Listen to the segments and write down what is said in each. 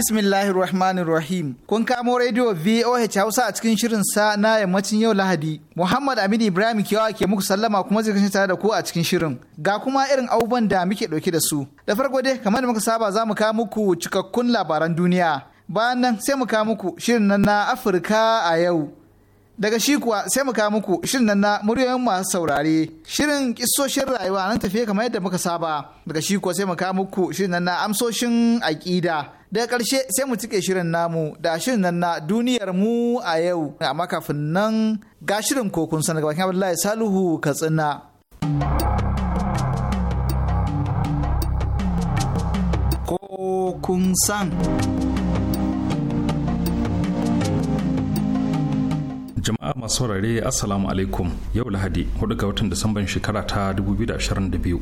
Bismillahir Rahmanir Rahim. Kun kamo rediyo VOH Hausa a cikin shirin sa na yammacin yau Lahadi. Muhammad Aminu Ibrahim Kiyawa ke muku sallama kuma zai kasance tare da ku a cikin shirin. Ga kuma irin abubuwan da muke ɗauke da su. Da farko dai kamar da muka saba za mu kawo muku cikakkun labaran duniya. Bayan nan sai mu kawo muku shirin nan na Afirka a yau. daga shi kuwa sai mu kawo muku shirin nan na muryoyin masu saurare shirin kisoshin rayuwa nan tafiye kamar yadda muka saba daga shi kuwa sai mu kawo muku shirin nan na amsoshin aƙida daga ƙarshe sai mu cike shirin namu da shirin nan na duniyar mu a yau amma kafin nan ga shirin kokun sanar bakin abdullahi saluhu katsina kokun san Jama'a masu saurare Assalamu alaikum yau Lahadi 4 ga watan Disamban shekara ta 2022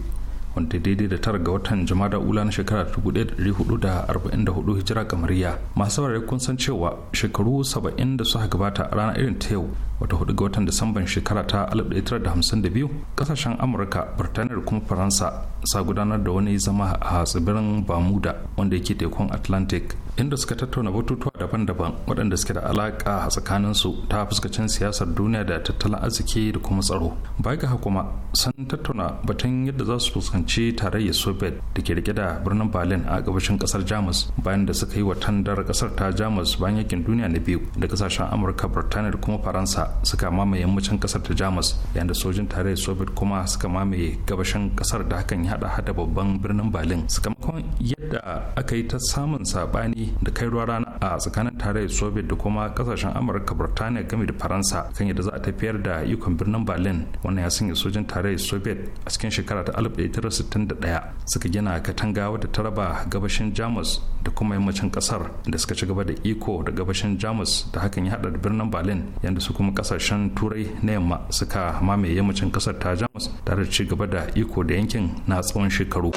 wanda daidai da tara ga watan Jama'a ula na shekara 1444 hijira kamariya. Masu saurare kun san cewa shekaru 70 da suka gabata a ranar irin ta yau wata hudu ga watan disamban shekara ta 1952 kasashen amurka birtaniya da kuma faransa sa gudanar da wani zama a tsibirin bamuda wanda yake tekun atlantic inda suka tattauna batutuwa daban-daban waɗanda suke da alaƙa a tsakaninsu ta fuskacin siyasar duniya da tattalin arziki da kuma tsaro baya ga kuma sun tattauna batun yadda za su fuskanci tarayyar soviet da ke rike da birnin berlin a gabashin kasar jamus bayan da suka yi wa tandar kasar ta jamus bayan yakin duniya na biyu da kasashen amurka birtaniya da kuma faransa suka mamaye yammacin kasar ta jamus yayin da sojin tarayyar soviet kuma suka mamaye gabashin kasar da hakan ya hada hada babban birnin berlin sakamakon yadda aka yi ta samun sabani da kai ruwa rana a tsakanin tarayyar soviet da kuma kasashen amurka burtaniya game da faransa kan yadda za a tafiyar da ikon birnin berlin wannan ya sanya sojin tarayyar soviet a cikin shekara ta 1961 suka gina katanga wadda ta raba gabashin jamus da kuma yammacin kasar da suka ci gaba da iko da gabashin jamus da hakan ya hada da birnin berlin yadda su kuma kasashen turai na yamma suka mamaye yammacin kasar ta jamus tare da ci gaba da iko da yankin na tsawon shekaru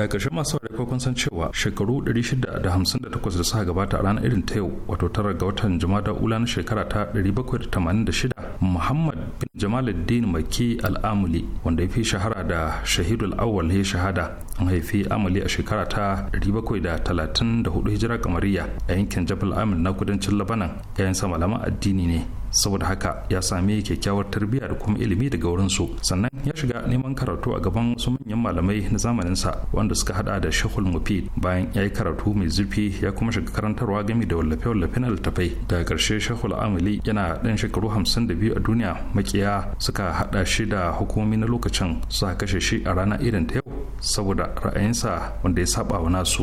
da ƙarshe masu da kun san cewa shekaru 658 da suka gabata a ranar irin ta yau wato tara ga watan jumada ula na shekara ta 786 muhammad bin jamaluddin maki al'amuli wanda ya fi shahara da shahidul awwal ya shahada an haifi amali a shekara ta 734 hijira kamariya a yankin jabal amin na kudancin labanan yayin sama lama addini ne saboda haka ya sami kyakkyawar tarbiyya da kuma ilimi daga wurinsu sannan ya shiga neman karatu a gaban wasu manyan malamai na zamaninsa wanda suka hada da shehul mufid bayan ya yi karatu mai zurfi ya kuma shiga karantarwa game da wallafe-wallafe na littafai daga karshe shehul amali yana ɗan shekaru hamsin da biyu a duniya makiya suka hada shi da hukumomi na lokacin suka kashe shi a rana irin ta yau saboda ra'ayinsa wanda ya saba wa nasu.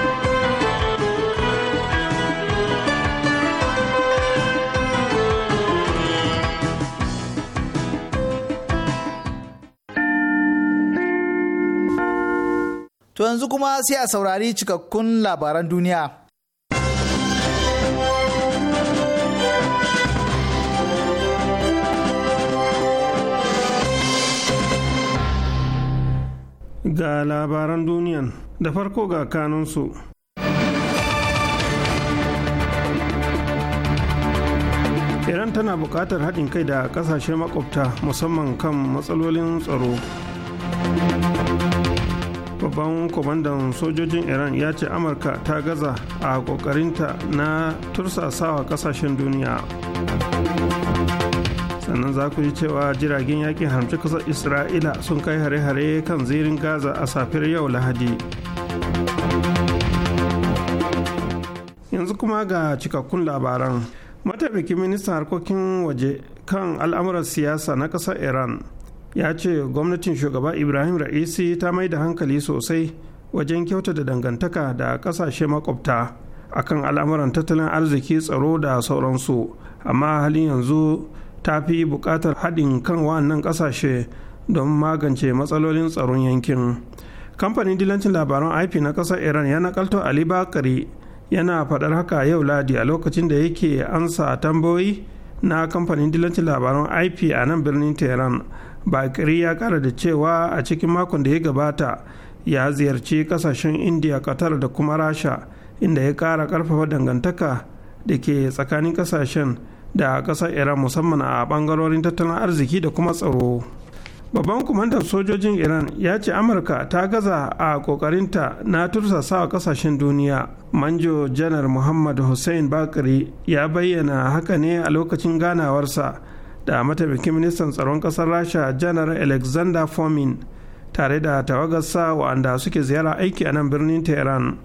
To yanzu kuma sai a saurari cikakkun labaran duniya. Ga labaran duniyan da farko ga kanunsu. Iran tana buƙatar haɗin kai da ƙasashe makwabta musamman kan matsalolin tsaro. babban kwamandan sojojin iran ya ce amurka ta gaza a kokarinta na tursasawa kasashen duniya sannan za ku ji cewa jiragen yakin hamci kasar isra'ila sun kai hare-hare kan zirin gaza a safiyar yau lahadi yanzu kuma ga cikakkun labaran mataimakin ministan harkokin waje kan al'amuran siyasa na kasar iran ya ce gwamnatin shugaba ibrahim ra'isi ta mai da hankali sosai wajen kyauta da dangantaka da kasashe makwabta akan al'amuran tattalin arziki tsaro da sauransu amma halin yanzu ta fi buƙatar haɗin kan wannan ƙasashe don magance matsalolin tsaron yankin kamfanin dilancin labaran ip na ƙasar iran ya nakalto ali bakari yana faɗar haka yau ladi a lokacin da yake ansa tambayoyi na kamfanin dilancin labaran ip a nan birnin tehran bakiri ya kara da cewa a cikin makon da ya gabata ya ziyarci kasashen india qatar da kuma rasha inda ya kara karfafa dangantaka da ke tsakanin kasashen da kasar iran musamman a bangarorin tattalin arziki da kuma tsaro babban kumandan sojojin iran ya ce amurka ta gaza a kokarinta na tursasawa kasashen duniya manjo janar muhammad hussein bakari ya bayyana haka ne a lokacin ganawarsa da mataimakin ministan tsaron kasar rasha janar alexander fomin tare da tawagarsa wa'anda suke ziyara aiki a nan birnin tehran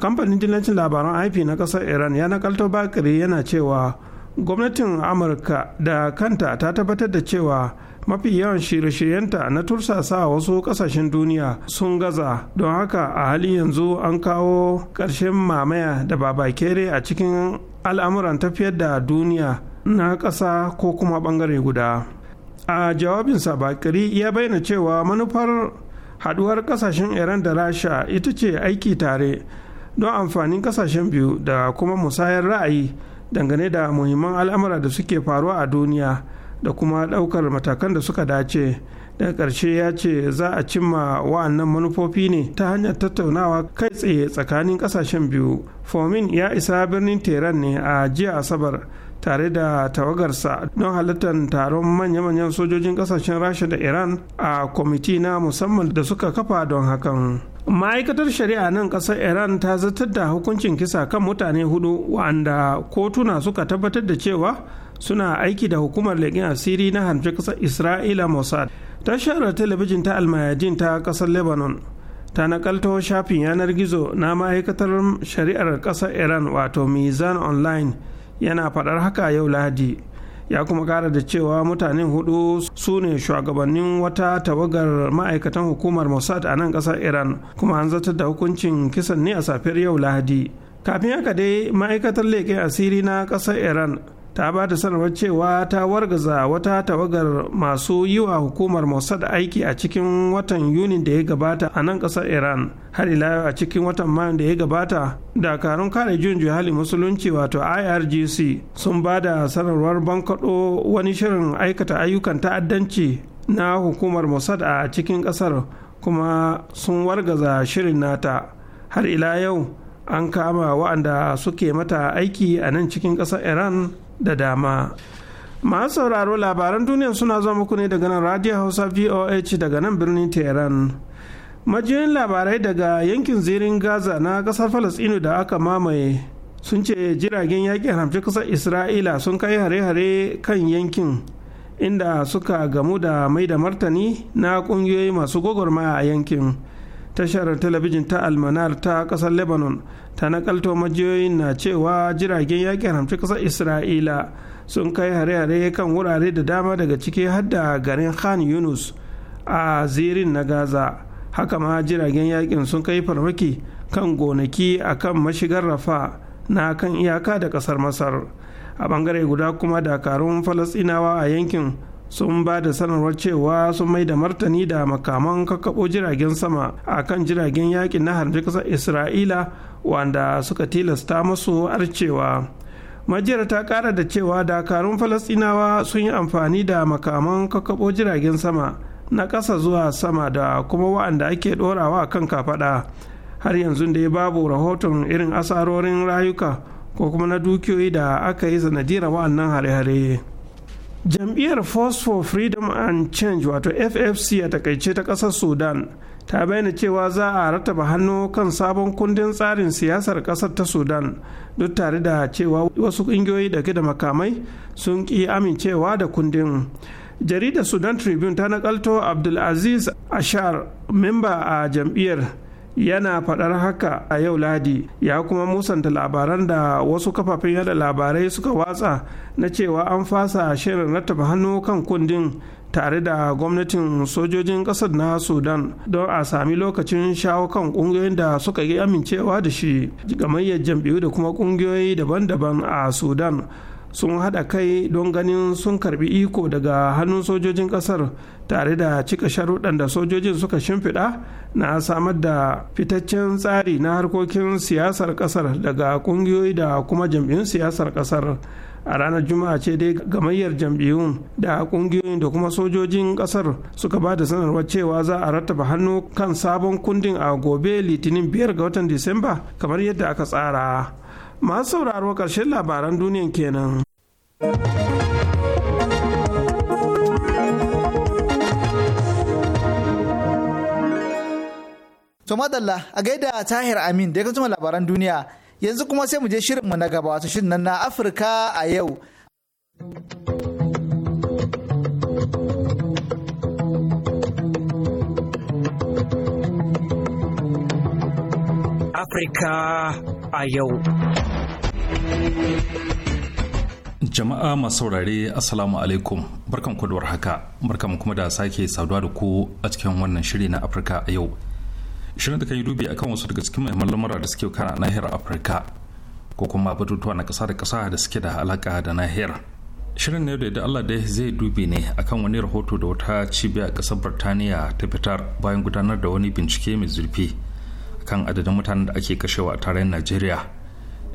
kamfanin dillancin labaran ip na kasar iran ya nakalto bakiri yana cewa gwamnatin amurka da kanta ta tabbatar da cewa mafi yawan shirye-shiryenta na tursasa wasu kasashen duniya sun gaza don haka a hali yanzu an kawo ƙarshen mamaya da babakere a cikin al'amuran tafiyar da duniya na ƙasa ko kuma bangare guda a jawabinsa bakiri ya bayyana cewa manufar haduwar ƙasashen iran da rasha ita ce aiki tare don amfanin ƙasashen biyu da kuma musayar ra'ayi dangane da muhimman al'amura da suke faruwa a duniya da kuma ɗaukar matakan da suka dace daga ƙarshe ya ce za a cimma wa'annan manufofi ne ta hanyar tattaunawa kai tsaye tsakanin ƙasashen biyu fomin ya isa birnin teran ne a jiya asabar tare da tawagarsa don halittar taron manya-manyan sojojin kasashen rasha da iran a kwamiti na musamman da suka kafa don hakan ma'aikatar shari'a nan kasar iran ta zartar da hukuncin kisa kan mutane hudu wa'anda kotuna suka tabbatar da cewa suna aiki da hukumar leƙin asiri na hanfi kasar isra'ila mossad tashar talabijin ta almayadin ta ƙasar lebanon ta nakalto shafin yanar gizo na ma'aikatar shari'ar kasar iran wato mizan online yana faɗar haka yau lahadi ya kuma kara da cewa mutanen hudu su ne shugabannin wata tawagar ma'aikatan hukumar mossad a nan ƙasar iran kuma an zata da hukuncin kisan ne a safiyar yau lahadi kafin haka dai ma'aikatar leƙen asiri na ƙasar iran ta ba da sanarwar cewa ta wargaza wata tawagar masu yi wa hukumar mossad aiki a cikin watan yuni da ya gabata a nan kasar iran har ila a cikin watan Mayu da ya gabata dakarun kare juyin juhali musulunci wato irgc sun ba da sanarwar bankaɗo wani shirin aikata ayyukan ta'addanci na hukumar mossad a cikin kasar kuma sun wargaza shirin nata har ila yau an kama wa'anda suke mata aiki a nan cikin ƙasar iran da dama masu sauraro labaran duniya suna zuwa muku ne daga nan radio hausa voh daga nan birnin tehran majiyoyin labarai daga yankin zirin gaza na kasar falasɗinu da aka mamaye sun ce jiragen yakin haramci kasar isra'ila sun kai hare-hare kan yankin inda suka gamu da mai da martani na ƙungiyoyi masu gwagwarmaya a yankin tashar talabijin ta almanar ta kasar lebanon ta nakalto majiyoyin na cewa jiragen yaƙi haramci kasar isra'ila sun kai hare-hare kan wurare da dama daga ciki har da garin khan yunus a zirin na gaza haka ma jiragen yaƙin sun kai farmaki kan gonaki a kan mashigar rafa na kan iyaka da kasar masar a bangare guda kuma dakarun falasinawa a yankin sun ba da sanarwar cewa sun mai da martani da makaman kakkaɓo jiragen sama a kan jiragen yakin na harbi ƙasar isra'ila wanda suka tilasta masu arcewa majiyar ta kara da cewa dakarun falasɗinawa sun yi amfani da makaman kakkaɓo jiragen sama na ƙasa zuwa sama da kuma wa'anda ake ɗorawa kan kafaɗa har yanzu dai babu rahoton irin asarorin rayuka ko kuma na dukiyoyi da aka yi sanadiyar wa'annan hare-hare. jam'iyyar force for freedom and change wato ffc a takaice ta kasar sudan ta bayyana cewa za a rataba hannu kan sabon kundin tsarin siyasar kasar ta sudan duk tare da cewa wasu ƙungiyoyi da da makamai sun ki amincewa da kundin jaridar sudan tribune ta nakalto abdulaziz ashar memba a jam'iyyar yana faɗar haka a yau ladi ya kuma musanta labaran da wasu kafafen yada labarai suka watsa na cewa an fasa shirin rattaba hannu kan kundin tare da gwamnatin sojojin ƙasar na sudan don a sami lokacin shawo kan ƙungiyoyin da suka yi amincewa da shi gamayyar jam'iyyu da kuma ƙungiyoyi daban-daban a sudan sun haɗa kai don ganin sun karbi iko daga hannun sojojin ƙasar tare da cika sharuɗan da sojojin suka shimfiɗa na samar da fitaccen tsari na harkokin siyasar ƙasar daga ƙungiyoyi da kuma jam'iyyun siyasar ƙasar a ranar juma'a ce dai gamayyar jam'iyyun da ƙungiyoyin da kuma sojojin kasar suka ba da sanarwar cewa za a rattaba hannu kan sabon kundin a gobe litinin biyar ga watan disamba kamar yadda aka tsara masu sauraro ƙarshen labaran duniyan kenan. To madalla a gaida Tahir Amin da ya kuma labaran duniya yanzu kuma sai mu je shirinmu na gaba wato shirin nan na Afirka a yau. Afirka a yau. Jama'a masu saurare Assalamu alaikum barkan ku haka warhaka barkan kuma da sake saduwa da ku a cikin wannan shiri na Afirka a yau. Shirin da kan yi dubi a kan wasu daga cikin mahimman lamura da suke kana nahiyar Afirka ko kuma batutuwa na kasa da kasa da suke da alaka da nahiyar. Shirin ne da Allah da zai dubi ne akan wani rahoto da wata cibiya ƙasar Birtaniya ta fitar bayan gudanar da wani bincike mai zurfi kan adadin mutanen da ake kashewa a tarayyar Najeriya.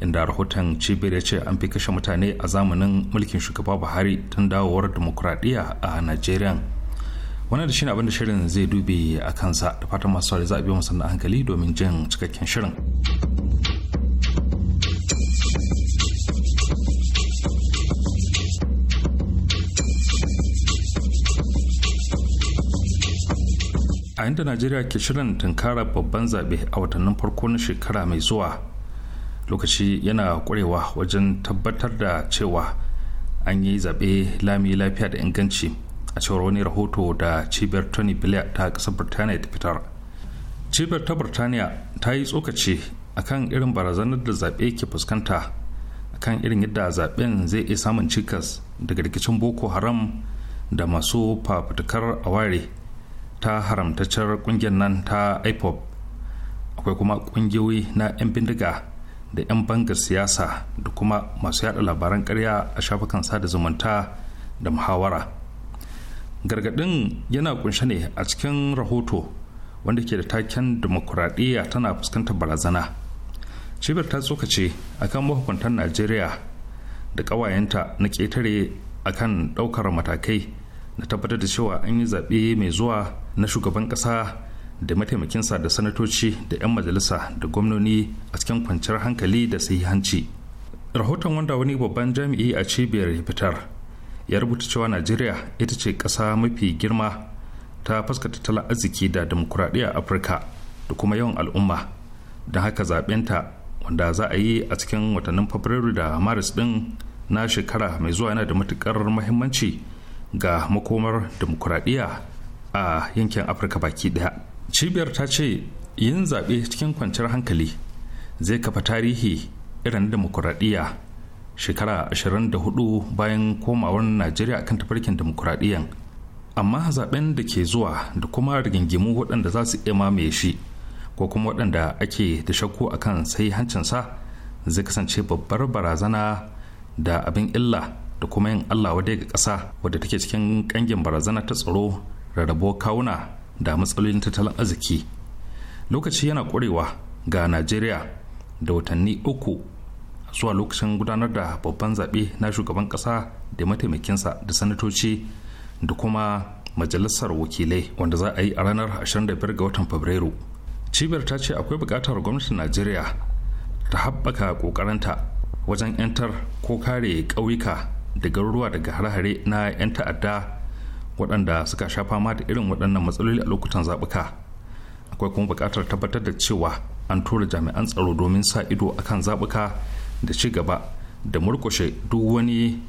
inda rahoton cibiyar ce an fi kashe mutane a zamanin mulkin shugaba buhari tun dawowar demokuraɗiyya a nigeria wannan da shine abin da shirin zai dube a kansa da fata masu sauri za a biyo musamman hankali domin jin cikakken shirin a inda najeriya ke shirin tunkara babban zaɓe a watannin farko na shekara mai zuwa lokaci yana kwarewa wajen tabbatar da cewa an yi zaɓe lami lafiya da inganci a cewar wani rahoto da cibiyar tony blair ta ƙasar birtaniya ta fitar cibiyar ta birtaniya ta yi tsokaci kan irin barazanar da zaɓe ke fuskanta a kan irin yadda zaɓen zai iya samun cikas daga rikicin boko haram da masu fafutukar aware ta haramtaccen ƙungiyar nan ta ipop akwai kuma ƙungiyoyi na 'yan bindiga da 'yan bangar siyasa da kuma masu yada labaran karya a shafukan sada zumunta da muhawara gargadin yana kunshe ne a cikin rahoto wanda ke da taken demokuraɗiyya tana fuskantar barazana cibiyar ta tsokace akan mahukuntan najeriya da ƙawayenta na ƙetare kan ɗaukar matakai na tabbatar da cewa an yi zaɓe mai zuwa na shugaban ƙasa da mataimakinsa da sanatoci da 'yan majalisa da gwamnoni a cikin kwanciyar hankali da sahihanci rahoton wanda wani babban jami'i a cibiyar fitar ya rubuta cewa najeriya ita ce ƙasa mafi girma ta fuska tattalin arziki da demokuraɗiyya afirka da kuma yawan al'umma don haka ta wanda za a yi a cikin watannin fabrairu da maris ɗin na shekara mai zuwa yana da matuƙar muhimmanci ga makomar demokuraɗiyya a yankin afirka baki ɗaya cibiyar ta ce yin zaɓe cikin kwanciyar hankali zai kafa tarihi irin demokuraɗiyya shekara 24 bayan komawar najeriya kan tafarkin demokuraɗiyyan amma zaɓen da ke zuwa da kuma rigingimu waɗanda za su iya shi ko kuma waɗanda ake da shakku a kan sai hancinsa zai kasance babbar barazana da abin illa da kuma yin allah wadai ga ƙasa wadda take cikin ƙangin barazana ta tsaro rarrabo kawuna da matsalolin tattalin arziki lokaci yana ƙurewa ga najeriya da watanni uku zuwa lokacin gudanar da babban zaɓe na shugaban ƙasa da mataimakinsa da sanatoci da kuma majalisar wakilai wanda za a yi a ranar 25 ga watan fabrairu cibiyar ta ce akwai buƙatar gwamnatin najeriya ta haɓaka ƙoƙarinta wajen 'yantar ko kare ƙauyuka da garuruwa daga hare-hare na 'yan ta'adda waɗanda suka sha fama da irin waɗannan matsaloli a lokutan zaɓuka akwai kuma buƙatar tabbatar da cewa an tura jami'an tsaro domin sa ido akan zaɓuka da ci gaba da murƙushe duk wani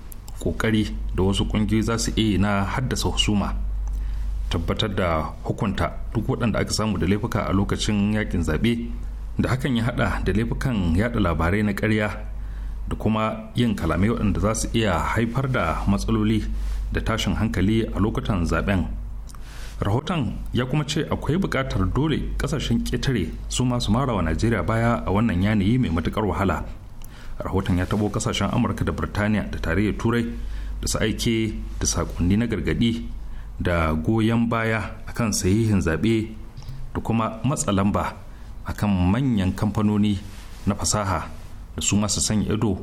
ƙoƙari da wasu ƙungiyoyi za su iya na haddasa husuma tabbatar da hukunta duk waɗanda aka samu da laifuka a lokacin yakin zaɓe da hakan ya haɗa da laifukan yaɗa labarai na ƙarya da kuma yin kalamai waɗanda za su iya haifar da matsaloli da tashin hankali a lokutan zaben rahoton ya kuma ce akwai buƙatar dole ƙasashen ƙetare su masu marawa najeriya baya a wannan yanayi mai matuƙar wahala rahoton ya tabo ƙasashen amurka da birtaniya da tarayyar turai da su aike da saƙonni na gargaɗi da goyon baya akan sahihin zaɓe da kuma matsa lamba akan manyan kamfanoni na fasaha da su masu sanya ido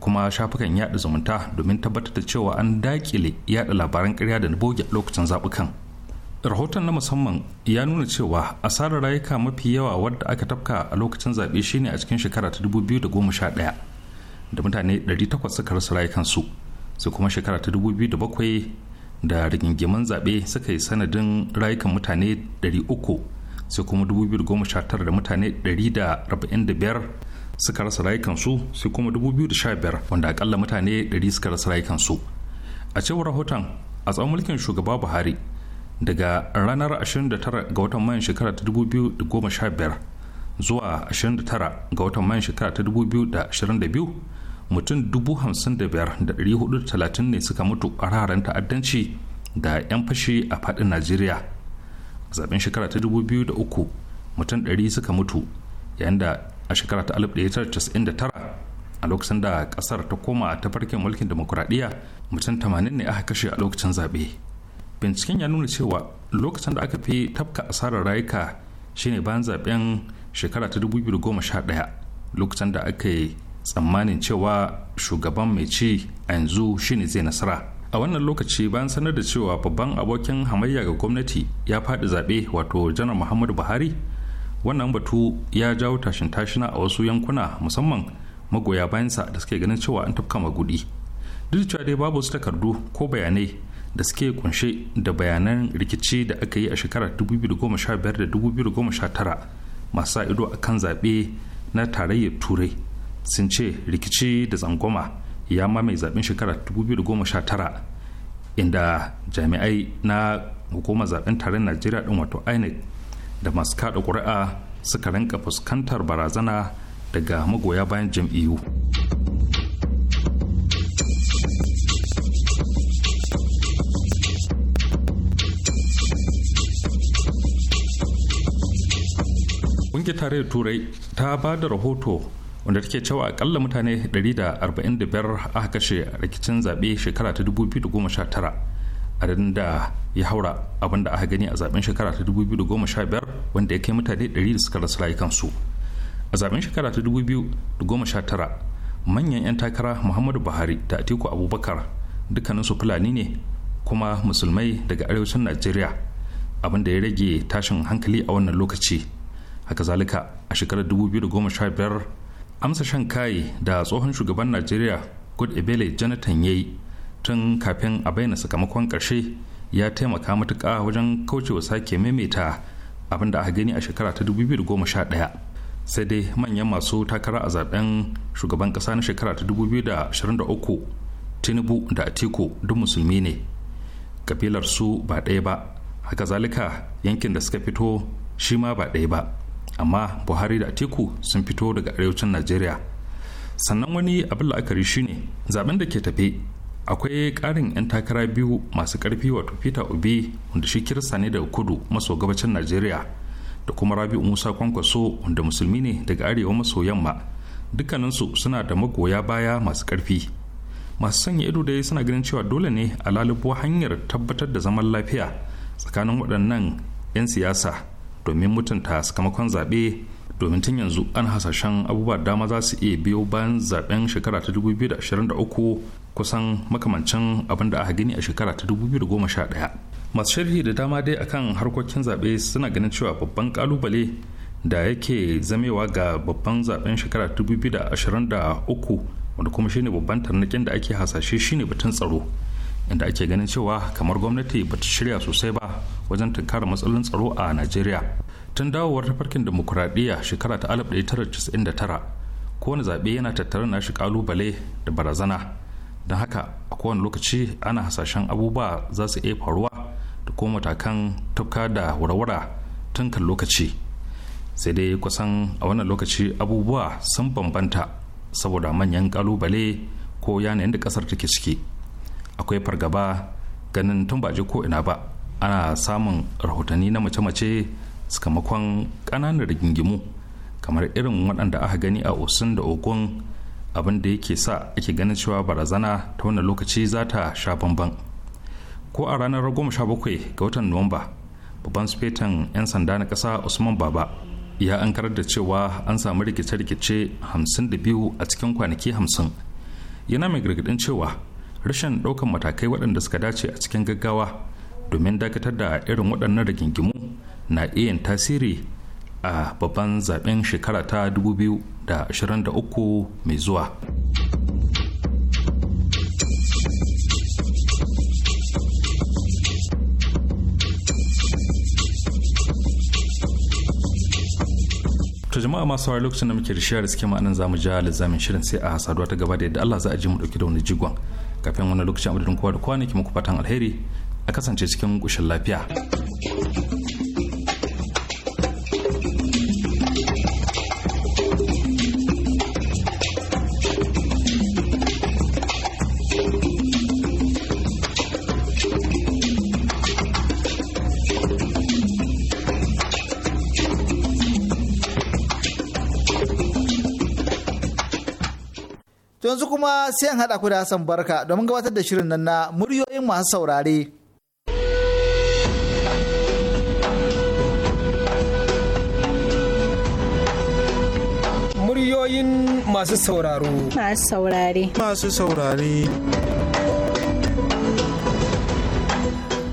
kuma shafukan yaɗa zumunta domin tabbatar da cewa an dakile yaɗa labaran karya da na boge lokacin zabukan rahoton na musamman ya nuna cewa asarar rayuka mafi yawa wadda aka tafka a lokacin zaɓe shine a cikin shekara ta 2011 da mutane 800 suka rasa rayukansu su kuma shekara ta 2007 da rigingimin zaɓe suka yi sanadin rayukan mutane 300 sai kuma 2019 da mutane 145 suka rasa rayukansu sai kuma 2015 wanda akalla mutane 100 suka rasa rayukansu a cewar rahoton a tsawon mulkin shugaba buhari daga ranar 29 ga watan mayan shekara ta 2015 zuwa 29 ga watan mayan shekara ta 2022 mutum 55,430 ne suka mutu a raharen ta'addanci da 'yan fashi a faɗin najeriya zaben shekara ta 2003 mutum 100 suka mutu yayin da a shekara ta 1999 a lokacin da kasar ta koma ta farkin mulkin demokuraɗiyya mutum 80 ne aka kashe a lokacin zaɓe binciken ya nuna cewa lokacin da aka fi tafka asarar rayuka shine bayan zaɓen shekara ta 2011 lokacin da aka yi tsammanin cewa shugaban mai ci a yanzu shine zai nasara a wannan lokaci bayan sanar da cewa babban abokin hamayya ga gwamnati ya faɗi zaɓe wato janar muhammadu buhari wannan batu ya jawo tashin tashina a wasu yankuna musamman magoya bayansa da suke ganin cewa an tafka magudi duk cewa dai babu wasu takardu ko bayanai da suke kunshe da bayanan rikici da aka yi a shekarar 2015 da 2019 masu ido a kan zaɓe na tarayyar turai sun ce rikici da tsangwama ya mamaye zaɓen shekarar 2019 inda jami'ai na hukumar zaɓen tarayyar najeriya ɗin wato inec da masu kada ƙuri'a suka rinka fuskantar barazana daga magoya bayan jam'iyyu ƙungiyar tarayyar turai ta ba da rahoto wanda take cewa akalla mutane 145 aka kashe rikicin zaɓe shekara ta 2019 adadin da ya haura abin da aka gani a zaben shekara ta 2015 wanda ya kai mutane 100 da suka rasa rayukansu a zaben shekara ta 2019 manyan 'yan takara muhammadu buhari da atiku abubakar dukkaninsu fulani ne kuma musulmai daga arewacin najeriya abin da ya rage tashin hankali a wannan lokaci haka zalika a shekarar 2015 amsa shan kaye da tsohon shugaban najeriya good ebele jonathan yayi tun kafin a bayyana sakamakon ƙarshe ya taimaka matuƙa wajen kaucewa sake maimaita abin da aka gani a shekara ta 2011 sai dai manyan masu takara a zaben shugaban ƙasa na shekara ta 2023 tinubu da atiku duk musulmi ne kabilar su ba ɗaya ba haka zalika yankin da suka fito shi ma ba ɗaya ba amma buhari da atiku sun fito daga arewacin najeriya sannan wani abin la'akari shine zaben da ke tafe akwai ƙarin 'yan takara biyu masu ƙarfi wato peter obi wanda shi kirista ne daga kudu maso gabacin najeriya da kuma rabi'u musa kwankwaso wanda musulmi ne daga arewa maso yamma dukkaninsu suna da magoya baya masu ƙarfi masu sanya ido dai suna ganin cewa dole ne a lalubo hanyar tabbatar da zaman lafiya tsakanin waɗannan 'yan siyasa domin mutunta sakamakon zaɓe domin tun yanzu an hasashen abubuwa dama za su iya biyo bayan zaben shekara ta 2023 kusan makamancin abin da aka gani a shekara ta 2011 masu sharhi da dama dai akan harkokin zaɓe suna ganin cewa babban kalubale da yake zamewa ga babban zaben shekara 2023 wanda kuma shine babban tarnakin da ake hasashe shine batun tsaro inda ake ganin cewa kamar gwamnati ba ta shirya sosai ba wajen tunkara matsalolin tsaro a najeriya tun dawowar ta farkin demokuraɗiyya shekara ta 1999 kowane zaɓe yana tattare na shi kalubale da barazana don haka a kowane lokaci ana hasashen abubuwa za su iya faruwa da kuma matakan tafka da warwara tun kan lokaci sai dai kusan a wannan lokaci abubuwa sun bambanta saboda manyan kalubale ko yanayin da kasar take ciki akwai fargaba ganin tun ba ko ina ba ana samun rahotanni na mace-mace sakamakon ƙananan rigingimu kamar irin waɗanda aka gani a osun da ogun abin da yake sa ake ganin cewa barazana ta wannan lokaci za ta sha bamban ko a ranar 17 ga watan nuwamba babban sufetan 'yan sanda na ƙasa usman baba ya an karar da cewa an samu rikice-rikice 52 a cikin kwanaki 50 yana mai gargadin cewa rashin ɗaukan matakai waɗanda suka dace a cikin gaggawa domin dakatar da irin waɗannan rigingimu na iya tasiri a babban zaben shekara ta 2023 da 23 mai zuwa. to jama'a masu sauraro lokacin da muke rishiyar suke ma'anan zamu ja lizamin shirin sai a saduwa ta gaba da yadda Allah za a ji mu dauki da wani jigon kafin wani lokacin abudin kowa da kowa ne ke muku fatan alheri a kasance cikin kushin lafiya. sai an haɗa ku da Hassan Barka domin gabatar da shirin nan na muryoyin masu saurare. Muryoyin masu sauraro. Masu saurare. Masu saurare.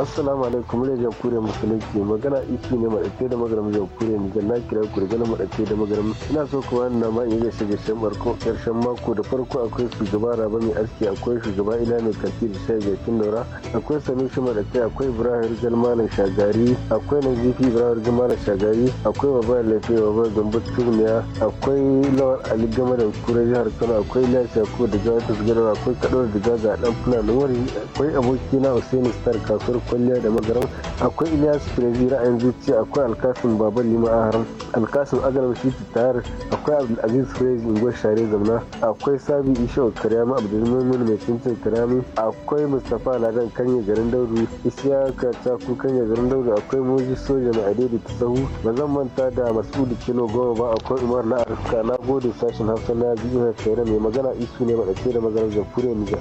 assalamu alaikum muryar kure musulunci magana isu ne maɗafe da magaram jamhuriyar nijar na kira kure gana maɗafe da magaram ina so ku wani nama in gaishe shan barko karshen mako da farko akwai shugaba raba mai aski akwai shugaba ila mai kanti da ga kin daura akwai shi maɗafe akwai ibrahim rijal shagari akwai nazifi ibrahim rijal shagari akwai baba lafiya baba gambo tumiya akwai lawal ali gama da kura jihar kano akwai lafiya ko da gawa ta akwai kaɗo da gaza ɗan fulani wari akwai abokina usaini star kasuwar kwalliya da magaran akwai ilyas firezi ra'ayin zuciya akwai alkasin baban lima a haram alkasim shi shiti tayar akwai abdulaziz firezi ingwa share zamna akwai sabi isho karyama abdulmumin mai cincin karyami akwai mustapha ladan kanye garin daudu isiya ta ku kanye garin dauru akwai moji soja mai adaidu ta sahu ba zan manta da masudu kilo goma ba akwai umar na arka na gode sashen hausa na biyu na mai magana isu ne ba da mazanar jamhuriyar nijar.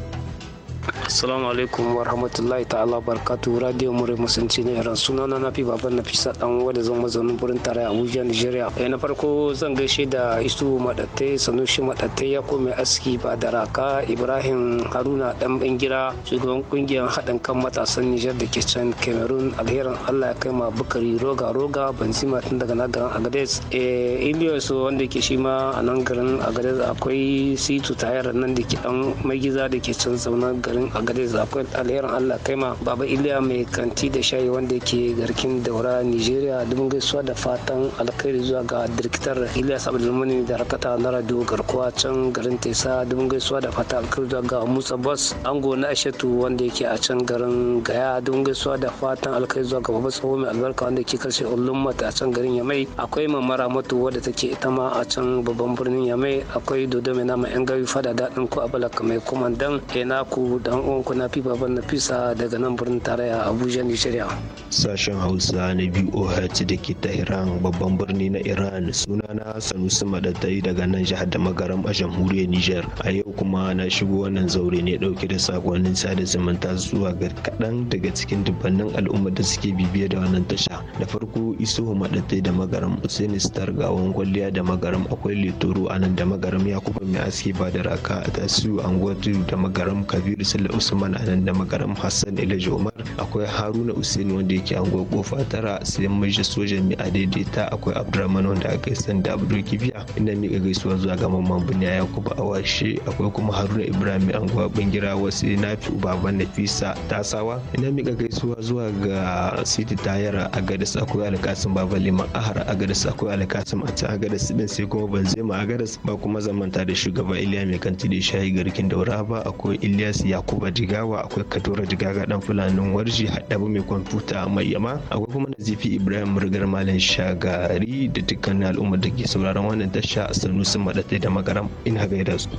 Assalamu alaikum wa rahmatullahi ta'ala barkatu radio mure musulunci ne ran suna na nafi baban na fisa dan wanda zan mazaunin birnin tare Abuja Nigeria. Eh na farko zan gaishe da isu madatte sanushi madatte ya mai aski ba da raka Ibrahim Haruna dan bangira shugaban kungiyar haɗin kan matasan Niger da ke can Cameroon alherin Allah ya kai ma Bukari roga roga banzima tun daga na garin Agadez. Eh so wanda ke shi ma a nan garin Agadez akwai Situ tayar nan da ke dan giza da ke can zauna garin agadez akwai alherin allah kaima baba iliya mai kanti da shayi wanda ke garkin daura nigeria dubin gaisuwa da fatan alkhairi zuwa ga dirkitar ilyas abdulmuni da harkata na radio garkuwa can garin tesa dubin gaisuwa da fatan alkhairi zuwa ga musa bas ango na ashatu wanda yake a can garin gaya dubin gaisuwa da fatan alkhairi zuwa ga babban tsoho mai albarka wanda yake karshe ulumma a can garin yamai akwai mamara mutu wadda take ita ma a can babban birnin yamai akwai dodo mai nama yan gari fada daɗin ku a balaka mai kumandan enaku dan uwan kuna fi baban na fisa daga nan birnin tarayya abuja nigeria sashen hausa na boh da ke Tahiran, babban birni na iran suna na sanusi madadai daga nan jihar da magaram a jamhuriyar niger a yau kuma na shigo wannan zaure ne dauke da sakonnin sada zumunta zuwa ga kaɗan daga cikin dubbannin al'umma da suke bibiya da wannan tasha da farko iso madadai da magaram usaini star gawon kwalliya da magaram akwai litoro a nan da magaram yakubu mai aski ba da raka a tasiru anguwatu da magaram kabiru sule usman a nan da magaram hassan Elijah umar akwai haruna Hussein wanda yake anguwar kofa tara sai majalisar sojan mai adaidaita akwai abdurrahman wanda aka yi sanda abdul kibiya ina mika gaisuwa zuwa ga mamman buniya yakubu awashi akwai kuma haruna ibrahim anguwa bingira wasu nafi baban nafisa tasawa ina mika gaisuwa zuwa ga Sidi tayara a gadas akwai alkasim baba liman ahar a gadas akwai alkasim a can a gadas din sai kuma banzema a gadas ba kuma zamanta da shugaba iliya mai kanti da shayi garkin daura ba akwai ilyas ya yakuba jigawa akwai kadura jigaga dan fulanin warji haɗabu mai kwamfuta mai yama akwai kuma nazifi ibrahim rigar malam shagari da dukkanin al'ummar da ke sauraron wannan tasha a sun maɗatai da magaram ina gaida su.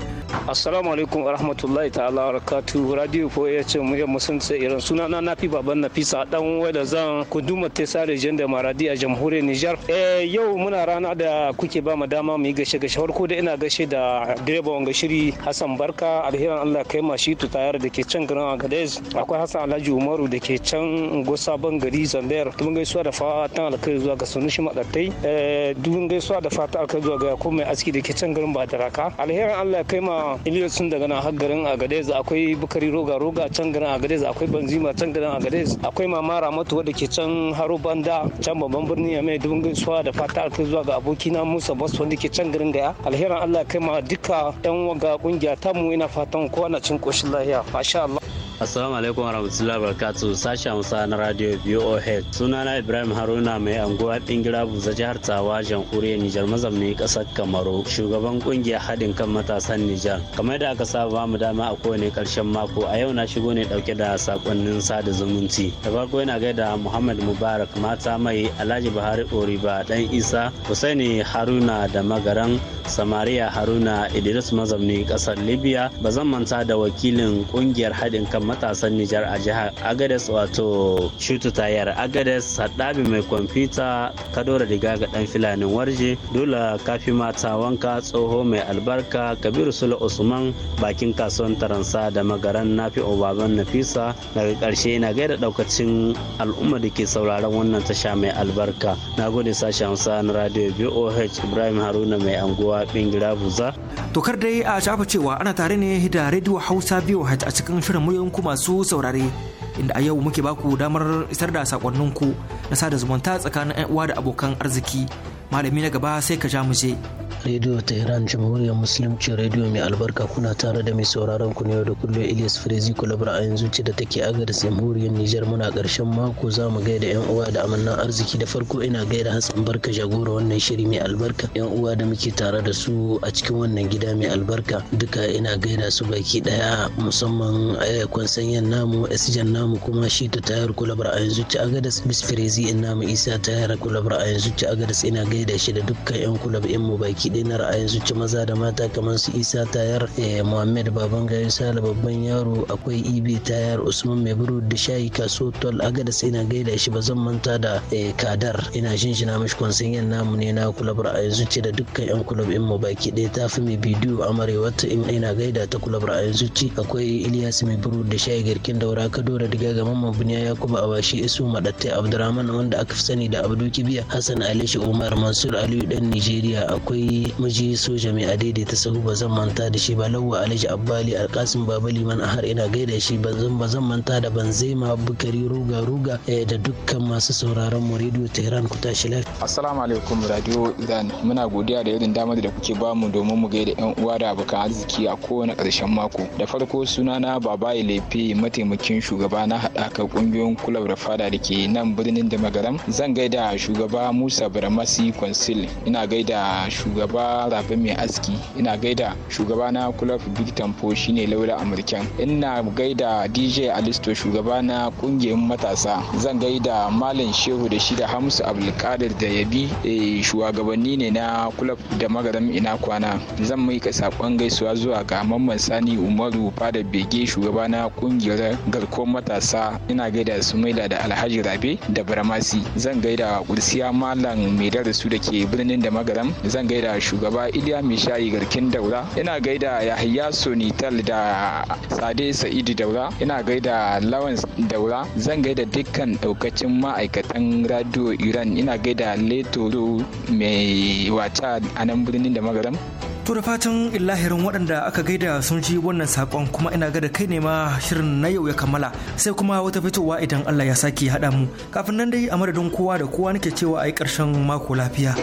assalamu alaikum warahmatullahi ta'ala barakatu radio ko ya ce mu yamma sun tsaye irin suna na nafi baban nafisa dan da zan kuduma ta sare da maradi a jamhuriyar nijar eh, yau muna rana da kuke ba mu dama mu yi gashe gashe farko da ina gashe da direban wanga shiri hassan barka alheran allah kai ma shi tutaya Bayar da ke can garin Agadez akwai Hassan Alhaji Umaru da ke can Sabon gari Zambayar dubin gaisuwa da fatan alkai zuwa ga Sunushi Madattai eh, dubin gaisuwa da fatan alkai zuwa ga Yakubu Mai Aski da ke can garin Badaraka alherin Allah ya kai ma Iliyasun daga nan har garin Agadez akwai Bukari Roga Roga can garin Agadez akwai Banzima can garin Agadez akwai Mama Ramatu wadda ke can Haro Banda can babban birni ya mai dubin gaisuwa da fatan alkai zuwa ga abokina Musa Bas wanda ke can garin Gaya alherin Allah ya kai ma duka yan waga kungiya ta mu ina fatan kowa na cin koshin lahiya فان الله Assalamu alaikum warahmatullahi wabarakatuh sashi musa na radio VOH. Sunana Ibrahim Haruna mai anguwa Bingira Buza jihar Tawa jamhuriyar Nijar mazamni kasar Kamaru shugaban kungiyar haɗin kan matasan Nijar. Kamar da aka saba mu dama a kowane ƙarshen mako a yau na shigo ne ɗauke da sakonnin sada zumunci. Da farko yana gaida Muhammad Mubarak mata mai Alhaji Buhari Oriba dan Isa Husaini Haruna da Magaran samaria Haruna Idris mazamni kasar Libya bazan manta da wakilin kungiyar haɗin kan matasan Nijar a jihar Agadez wato Shutu Tayar Agadez Saddabi mai kwamfuta Kadora riga ga dan filanin Warje dole Kafi Mata Wanka Tsoho mai albarka Kabiru Sula Usman bakin kasuwan Taransa da magaran Nafi Obaban Nafisa daga karshe na gaida daukacin al'umma da ke sauraron wannan tasha mai albarka. Nagode sashen Hausa na Radio BOH Ibrahim Haruna mai anguwa Bingira Buza. Tokar dai a shafa cewa ana tare ne da Radio Hausa BOH a cikin shirin muryoyin ku masu saurare inda a yau muke baku damar isar da sakonninku na sada zumunta tsakanin uwa da abokan arziki malami na gaba sai ka ja mu je. rediyo ta iran jamhuriyar musulunci rediyo mai albarka kuna tare da mai sauraron ku ne da kullum ilyas frezi kulabar a yanzu ce da take da jamhuriyar nijar muna karshen mako za mu gaida yan uwa da amannan arziki da farko ina gaida hasan barka jagora wannan shiri mai albarka yan uwa da muke tare da su a cikin wannan gida mai albarka duka ina gaida su baki daya musamman eh, sanyan namu asijan namu kuma shi ta tayar kulabar a yanzu ce da bis frezi in namu isa tayar kulabar a yanzu ce da ina gaida shi da dukkan yan kulab yan mu baki ɗaya na ra'ayin ci maza da mata kamar su isa tayar eh, muhammed baban gari sale babban yaro akwai ibe tayar usman mai buru da shayi kaso tol sai ina gaida shi ba zan manta da eh, kadar ina na mashi yan namu ne na kulab ra'ayin zuci da dukkan yan kulab in mu baki ɗaya ta fi mai bidiyo wata in ina gaida ta kulab ra'ayin ci akwai ilyas mai buru da shayi garkin daura kadora diga ga mamman buniya a washe isu maɗatte abdurrahman wanda aka fi sani da abdu kibiya hassan alishi umar mansur aliyu dan nigeria akwai so miji soja mai adaidaita sahu ba zan manta da shi ba lawa alhaji abbali alkasim baba liman har ina gaida shi ba zan ba zan manta da ma bukari ruga ruga eh, da dukkan masu sauraron mu radio tehran ku tashi lafiya assalamu alaikum radio idan muna godiya da irin damar da kuke bamu domin mu gaida yan uwa da abokan arziki a kowane karshen mako da farko sunana babaye lefe mataimakin shugaba na haɗakar ƙungiyoyin kulab da fada da ke nan birnin da magaram zan gaida shugaba musa baramasi consul ina gaida shugaba shugaba rabe mai aski ina gaida shugaba na big tampo shine laula amurken ina gaida dj alisto shugaba na kungiyar matasa zan gaida malam shehu da shida hamsu abdulkadir da yabi eh, shugabanni ne na kulob da magaram ina kwana zan ka sakon gaisuwa zuwa ga mamman sani umaru fada bege shugaba na kungiyar garkuwar matasa ina gaida maila da alhaji rabe da baramasi zan gaida kursiya malam mai darasu da ke birnin da magaram zan gaida shugaba iliya mai shayi garkin daura ina gaida yahaya sonital da sade sa'idu daura ina gaida lawan daura zan gaida dukkan daukacin ma'aikatan radio iran ina gaida letoro mai wata a nan birnin da magaram To da fatan illahirin waɗanda aka gaida sun ji wannan saƙon kuma ina ga da kai ne ma shirin na yau ya kammala sai kuma wata fitowa idan Allah ya sake haɗa mu kafin nan dai a madadin kowa da kowa nake cewa a yi ƙarshen mako lafiya.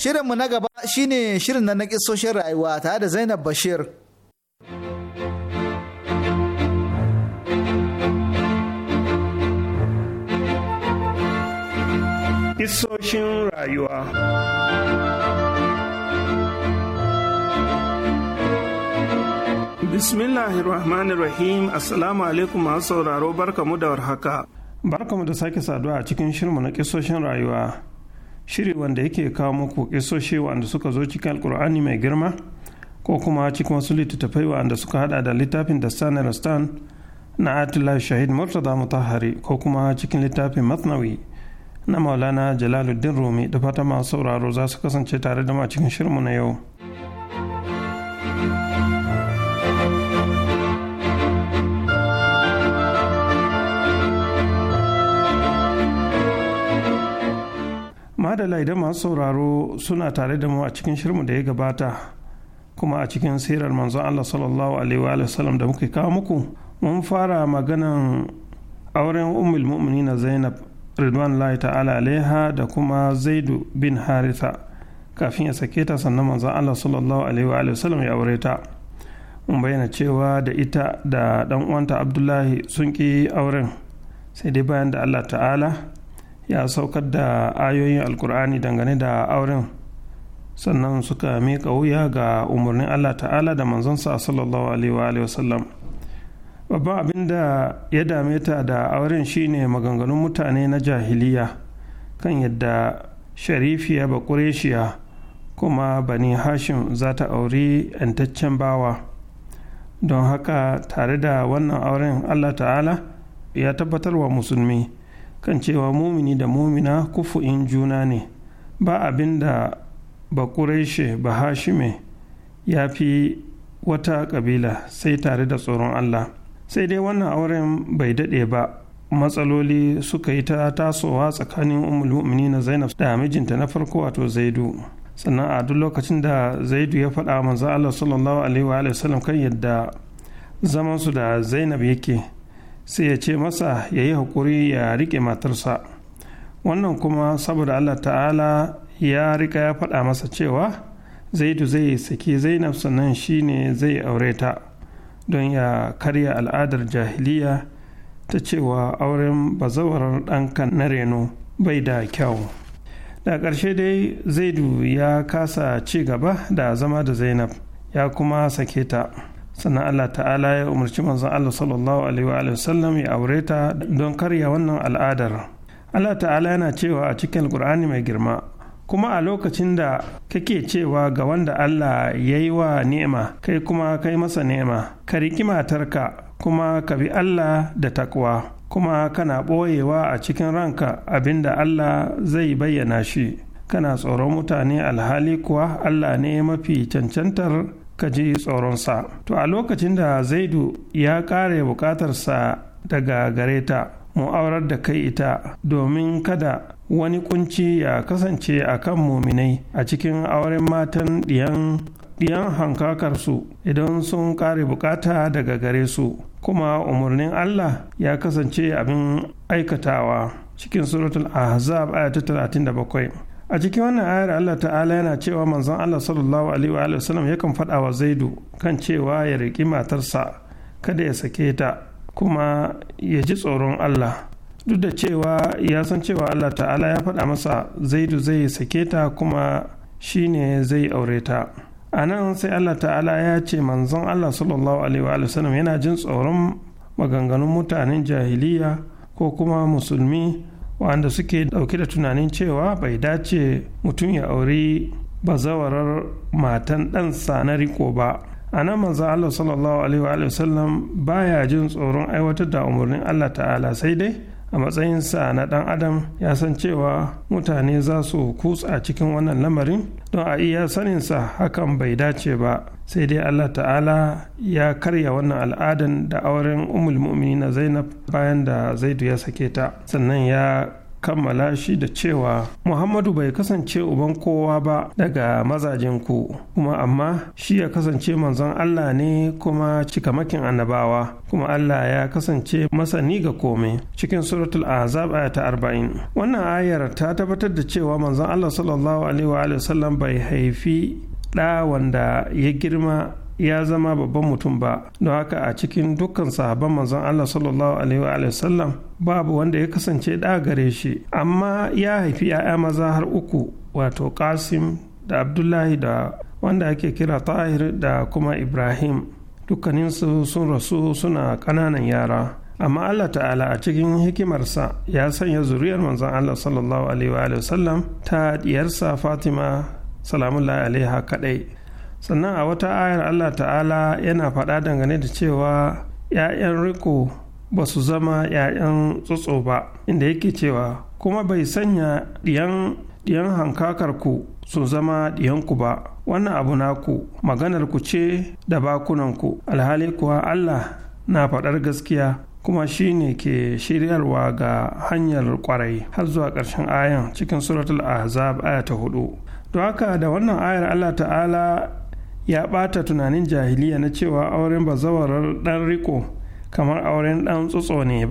Shirinmu na gaba shine shirin na kisoshin rayuwa tare da Zainab Bashir. Kisoshin rayuwa Bismillahir Rahmanir Rahim Assalamu alaikum masu sauraro barkamu da warhaka. Barkamu da sake saduwa a cikin shirmu na kisoshin rayuwa. shiri wanda yake kawo muku kisoshi wanda suka zo cikin alkur'ani mai girma ko kuma cikin wasu littattafai wanda suka hada da littafin da stan stan na atila shahid murtada mutahari ko kuma cikin littafin matnawi na maulana jalaluddin rumi da fata masu sauraro za su kasance tare da mu a cikin shirmu na yau. da laida masu sauraro suna tare da mu a cikin shirmu da ya gabata kuma a cikin sirar manzon Allah sallallahu alaihi wa sallam da muke kawo muku mun fara maganan auren ummul na Zainab Ridwan Allah ta'ala alaiha da kuma Zaidu bin Haritha kafin ya sake ta sannan manzon Allah sallallahu alaihi wa sallam ya aure ta mun bayyana cewa da ita da dan uwanta Abdullahi sun ki auren sai dai bayan da Allah ta'ala ya saukar da ayoyin alkur'ani dangane da auren sannan suka miƙa wuya ga umarnin allah ta'ala da manzonsa sallallahu alaihi wasallam babban abin da ya dame ta da auren shine maganganun mutane na jahiliya kan yadda sharifiya ba ƙureshiya kuma bani hashim za ta auri 'yantaccen bawa don haka tare da wannan auren allah ta'ala ya tabbatar wa musulmi kan cewa mumini da mumina in juna ne ba abin da ba kureshe ba hashime ya fi wata ƙabila sai tare da tsoron allah sai dai wannan auren bai daɗe ba matsaloli suka yi ta tasowa tsakanin umul na zainab da mijinta na farko wato zaidu sannan a duk lokacin da zaidu ya faɗa manzo allah sallallahu alaihi wa sallam kan yadda zamansu da zainab yake sai ya ce masa ya yi haƙuri ya riƙe matarsa wannan kuma saboda allah ta'ala ya riƙa ya faɗa masa cewa zaidu zai saki zainab sannan shine zai aure ta don ya karya al'adar jahiliya ta cewa auren bazawarar ɗanka na reno bai da kyau da ƙarshe dai zaidu ya kasa ci gaba da zama da zainab ya kuma sake ta. sannan allah ta'ala ya umarci manzon allah sallallahu alaihi wasallam ya aureta don karya wannan al'adar allah ta'ala yana cewa a cikin alkur'ani mai girma kuma a lokacin da kake cewa ga wanda allah ya yi wa ni'ima kai kuma kai masa ni'ima ka riƙi matarka kuma ka bi allah da takwa kuma kana ɓoyewa a cikin ranka abinda Allah zai bayyana shi kana tsoron mutane alhali kuwa Allah ne mafi cancantar ka ji tsoronsa to a lokacin da zaidu ya kare bukatarsa daga gare ta mu aurar da kai ita domin kada wani kunci ya kasance a kan muminai a cikin auren matan diyan diyan hankakarsu idan sun kare bukata daga gare su kuma umarnin Allah ya kasance abin aikatawa cikin suratul ahzab aya ta 37 a cikin wannan ayar Allah ta'ala yana cewa manzon Allah sallallahu alaihi wa sallam yakan faɗa wa zaidu kan cewa ya riƙi matarsa kada ya sake ta kuma ya ji tsoron Allah duk da cewa ya san cewa Allah ta'ala ya faɗa masa zaidu zai sake ta kuma shi ne zai aure ta a nan sai Allah ta'ala ya ce manzon Allah sallallahu alaihi wa sallam yana jin tsoron maganganun mutanen jahiliya ko kuma musulmi wanda suke dauke da tunanin cewa bai dace mutum ya auri bazawarar matan ɗansa na riko ba a nan maza Allah sallallahu alaihi wa sallam baya jin tsoron aiwatar da umarnin Allah ta'ala sai dai a matsayinsa na ɗan adam ya san cewa mutane za su kutsa cikin wannan lamarin don a iya saninsa hakan bai dace ba sai dai allah ta'ala ya karya wannan al'adan da auren umul na zainab bayan da zaidu ya sake ta sannan ya kammala shi da cewa Muhammadu bai kasance uban kowa ba daga mazajen ku kuma amma shi ya kasance manzon Allah ne kuma cikamakin annabawa kuma Allah ya kasance masani ga Kome. cikin suratul azab aya ta arba'in, wannan ayar ta tabbatar da cewa manzon Allah sallallahu alaihi wa sallam bai haifi ɗawan wanda ya girma ya zama babban mutum ba don haka a cikin dukkan sahabban manzon Allah sallallahu alaihi wa sallam babu wanda ya kasance da gare shi amma ya haifi 'ya'ya maza har uku wato Qasim da Abdullahi da wanda ake kira Tahir da kuma Ibrahim dukkaninsu sun rasu suna ƙananan yara amma Allah ta'ala a cikin hikimarsa ya sanya zuriyar manzon Allah sallallahu alaihi wa sallam ta diyarsa Fatima salamullahi alaiha kadai sannan a wata ayar allah ta'ala yana faɗa dangane da cewa 'ya'yan riko ba su zama 'ya'yan tsotso ba inda yake cewa kuma bai sanya ɗiyan hankakar ku su zama ɗiyanku ba wannan abu naku maganar ku ce da bakunanku alhali kuwa allah na faɗar gaskiya kuma shi ne ke shiryarwa ga hanyar kwarai har zuwa ƙarshen ayan cikin suratul azab aya ta hudu To haka da wannan ayar allah ta'ala ya ɓata tunanin jahiliya na cewa auren bazawarar ɗan riko kamar auren ɗan tsotso ne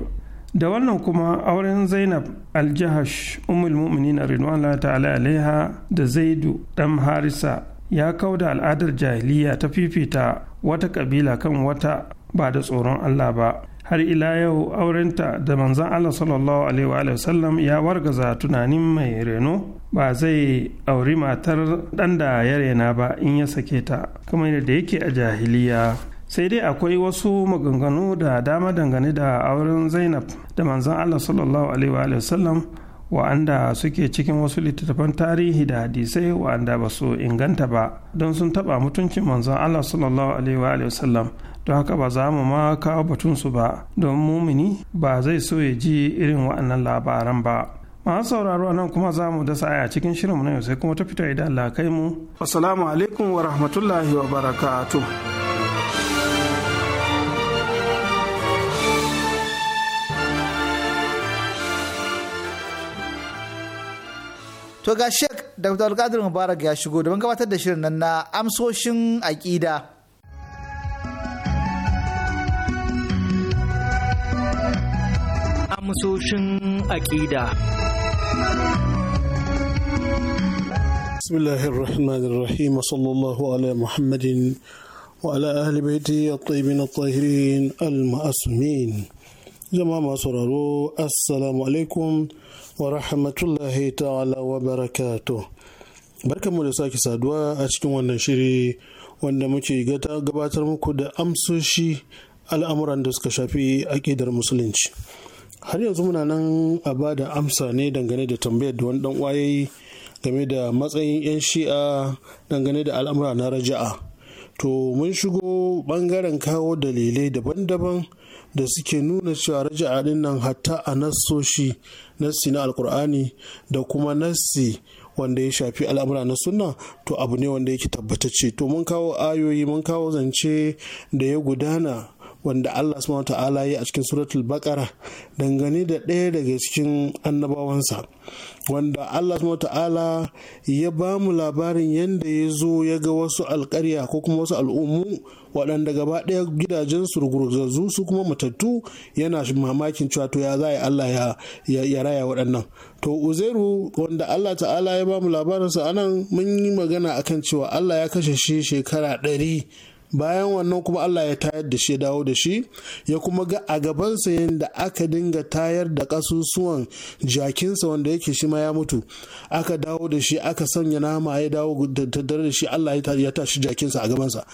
da wannan kuma auren zainab aljahash umul na rinwala ta'ala alaiha da zaidu ɗan harisa ya kauda al'adar jahiliya ta fifita wata ƙabila kan wata ba da tsoron allah ba har ila yau aurenta da manzan Allah sallallahu alaihi sallam ya wargaza tunanin mai reno ba zai auri matar ɗan da ya rena ba in ya sake ta kamar yadda yake a jahiliya sai dai akwai wasu maganganu da dama dangane da auren zainab da manzan Allah sallallahu alaihi sallam wa'anda suke cikin wasu littattafan tarihi da hadisai wa'anda ba su inganta ba don sun taɓa mutuncin manzon Allah sallallahu alaihi wa sallam don haka ba za mu ma kawo batunsu ba don mumini ba zai so ya ji irin wa'annan labaran ba masu sauraro nan kuma za mu dasa aya cikin shirin mu na yau sai kuma ta fito idan Allah kai mu assalamu alaikum wa rahmatullahi wa barakatuh to ga shek dr alkadir mubarak ya shigo domin gabatar da shirin nan na amsoshin aƙida amsoshin aƙida bismillahir rahmanir rahim sallallahu ala muhammadin وعلى أهل بيته الطيبين الطاهرين المعصومين jama'a masu sauraro assalamu alaikum wa rahmatullahi ta'ala wa barakato barkanmu da sake saduwa a cikin wannan shiri wanda muke gabatar muku da amsoshi al'amuran da suka shafi aƙidar musulunci har yanzu muna nan a ba da amsa ne dangane da tambayar da wani dan game da matsayin 'yan shi'a dangane da al'amura na raja'a to mun shigo ɓangaren kawo dalilai daban-daban da suke nuna cewa raja'a din nan hatta a nassoshi nassi na alkur'ani da kuma nassi wanda ya shafi al'amura na sunna to abu ne wanda yake tabbatacce to mun kawo ayoyi mun kawo zance da ya gudana wanda Allah subhanahu ta'ala ya a cikin suratul baqara dangane da ɗaya daga cikin annabawansa wanda Allah ta'ala ya ba mu labarin yadda ya zo ya ga wasu alkarya ko kuma wasu al'ummu waɗanda gaba ɗaya gidajen surgurzazzu su kuma matattu yana mamakin cewa to ya za Allah ya raya waɗannan to uzairu wanda Allah ta'ala ya ba mu labarinsa anan mun yi magana akan cewa Allah ya kashe shi shekara ɗari bayan wannan kuma Allah ya tayar da shi dawo da shi ya kuma ga a gabansa yadda aka dinga tayar da kasusuwan jakinsa wanda yake shi ma ya mutu aka dawo da shi aka sanya nama ya dawo tattare da shi Allah ya tashi jakinsa a gabansa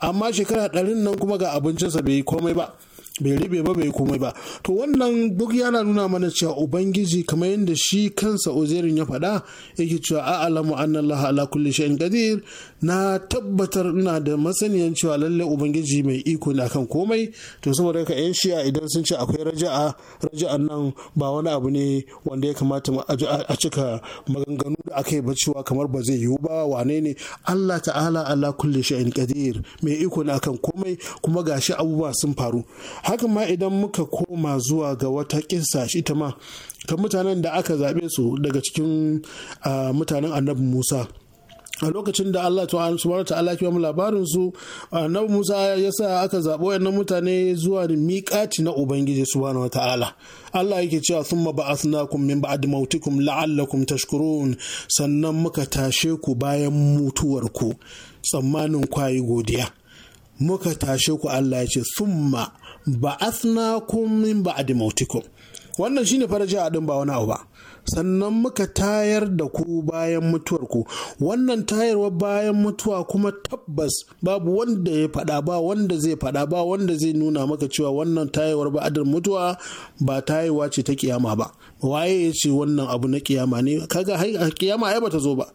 amma shekara ɗarin nan kuma ga abincinsa bai yi komai ba bai ribe ba bai komai ba to wannan duk yana nuna mana cewa ubangiji kamar yadda shi kansa ozerin ya faɗa yake cewa a'lamu anna Allah ala kulli shay'in qadir na tabbatar ina da masaniyan cewa lalle ubangiji mai iko ne akan komai to saboda ka yan shi'a idan sun ce akwai raja'a raja'an nan ba wani abu ne wanda ya kamata a cika maganganu da aka yi ba cewa kamar ba zai yiwu ba wane ne Allah ta'ala ala kulli shay'in qadir mai iko ne akan komai kuma gashi abubuwa sun faru haka ma idan muka koma zuwa ga wata kinsa shi ta ma kan mutanen da aka zaɓe su daga cikin mutanen annabi musa a lokacin da Allah subhanahu ta'ala ya mu labarin su annabi Musa ya sa aka zabo wayannan mutane zuwa miƙaci na ubangiji subhanahu ta'ala Allah yake cewa thumma ba'athnakum min ba'di mautikum la'allakum tashkurun sannan muka tashe ku bayan mutuwar ku tsammanin kwayi godiya muka tashe ku Allah ya ce thumma ba'athna kum min ba'di mautikum wannan shine faraja din ba wani abu ba sannan muka tayar da ku bayan mutuwar ku wannan tayarwa bayan mutuwa kuma tabbas babu wanda ya fada ba wanda zai faɗa ba wanda zai nuna maka cewa wannan tayarwar ba'adar mutuwa ba tayarwa ce ta kiyama ba waye ya ce wannan abu na kiyama ne kaga kiyama ai bata zo ba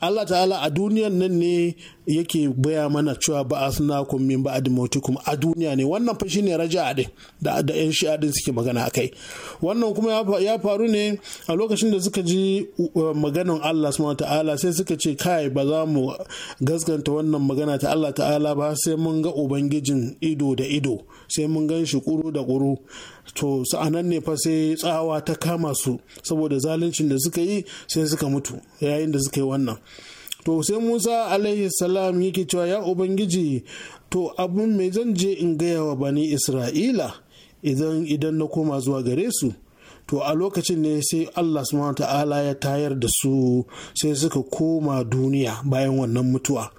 Allah ta'ala a duniyan nan ne yake baya mana cewa ba suna kun min ba dimotikum a duniya ne wannan fa shine raja din da da yan shi'a din suke magana akai wannan kuma ya faru ne a lokacin da suka ji uh, maganan Allah subhanahu ta'ala sai suka ce kai ba za mu gaskanta wannan magana ta Allah ta'ala ba sai mun ga ubangijin ido da ido sai mun gan shi kuru da kuru to sa'anan ne fa sai tsawa ta kama su saboda zaluncin da suka yi sai suka mutu yayin da suka yi wannan to sai musa alaihi salam yake cewa ya ubangiji to abin mai zan je in gaya wa bani isra'ila idan idan na koma zuwa gare su to a lokacin ne sai allah subhanahu ta'ala ya tayar da su sai suka koma duniya bayan wannan mutuwa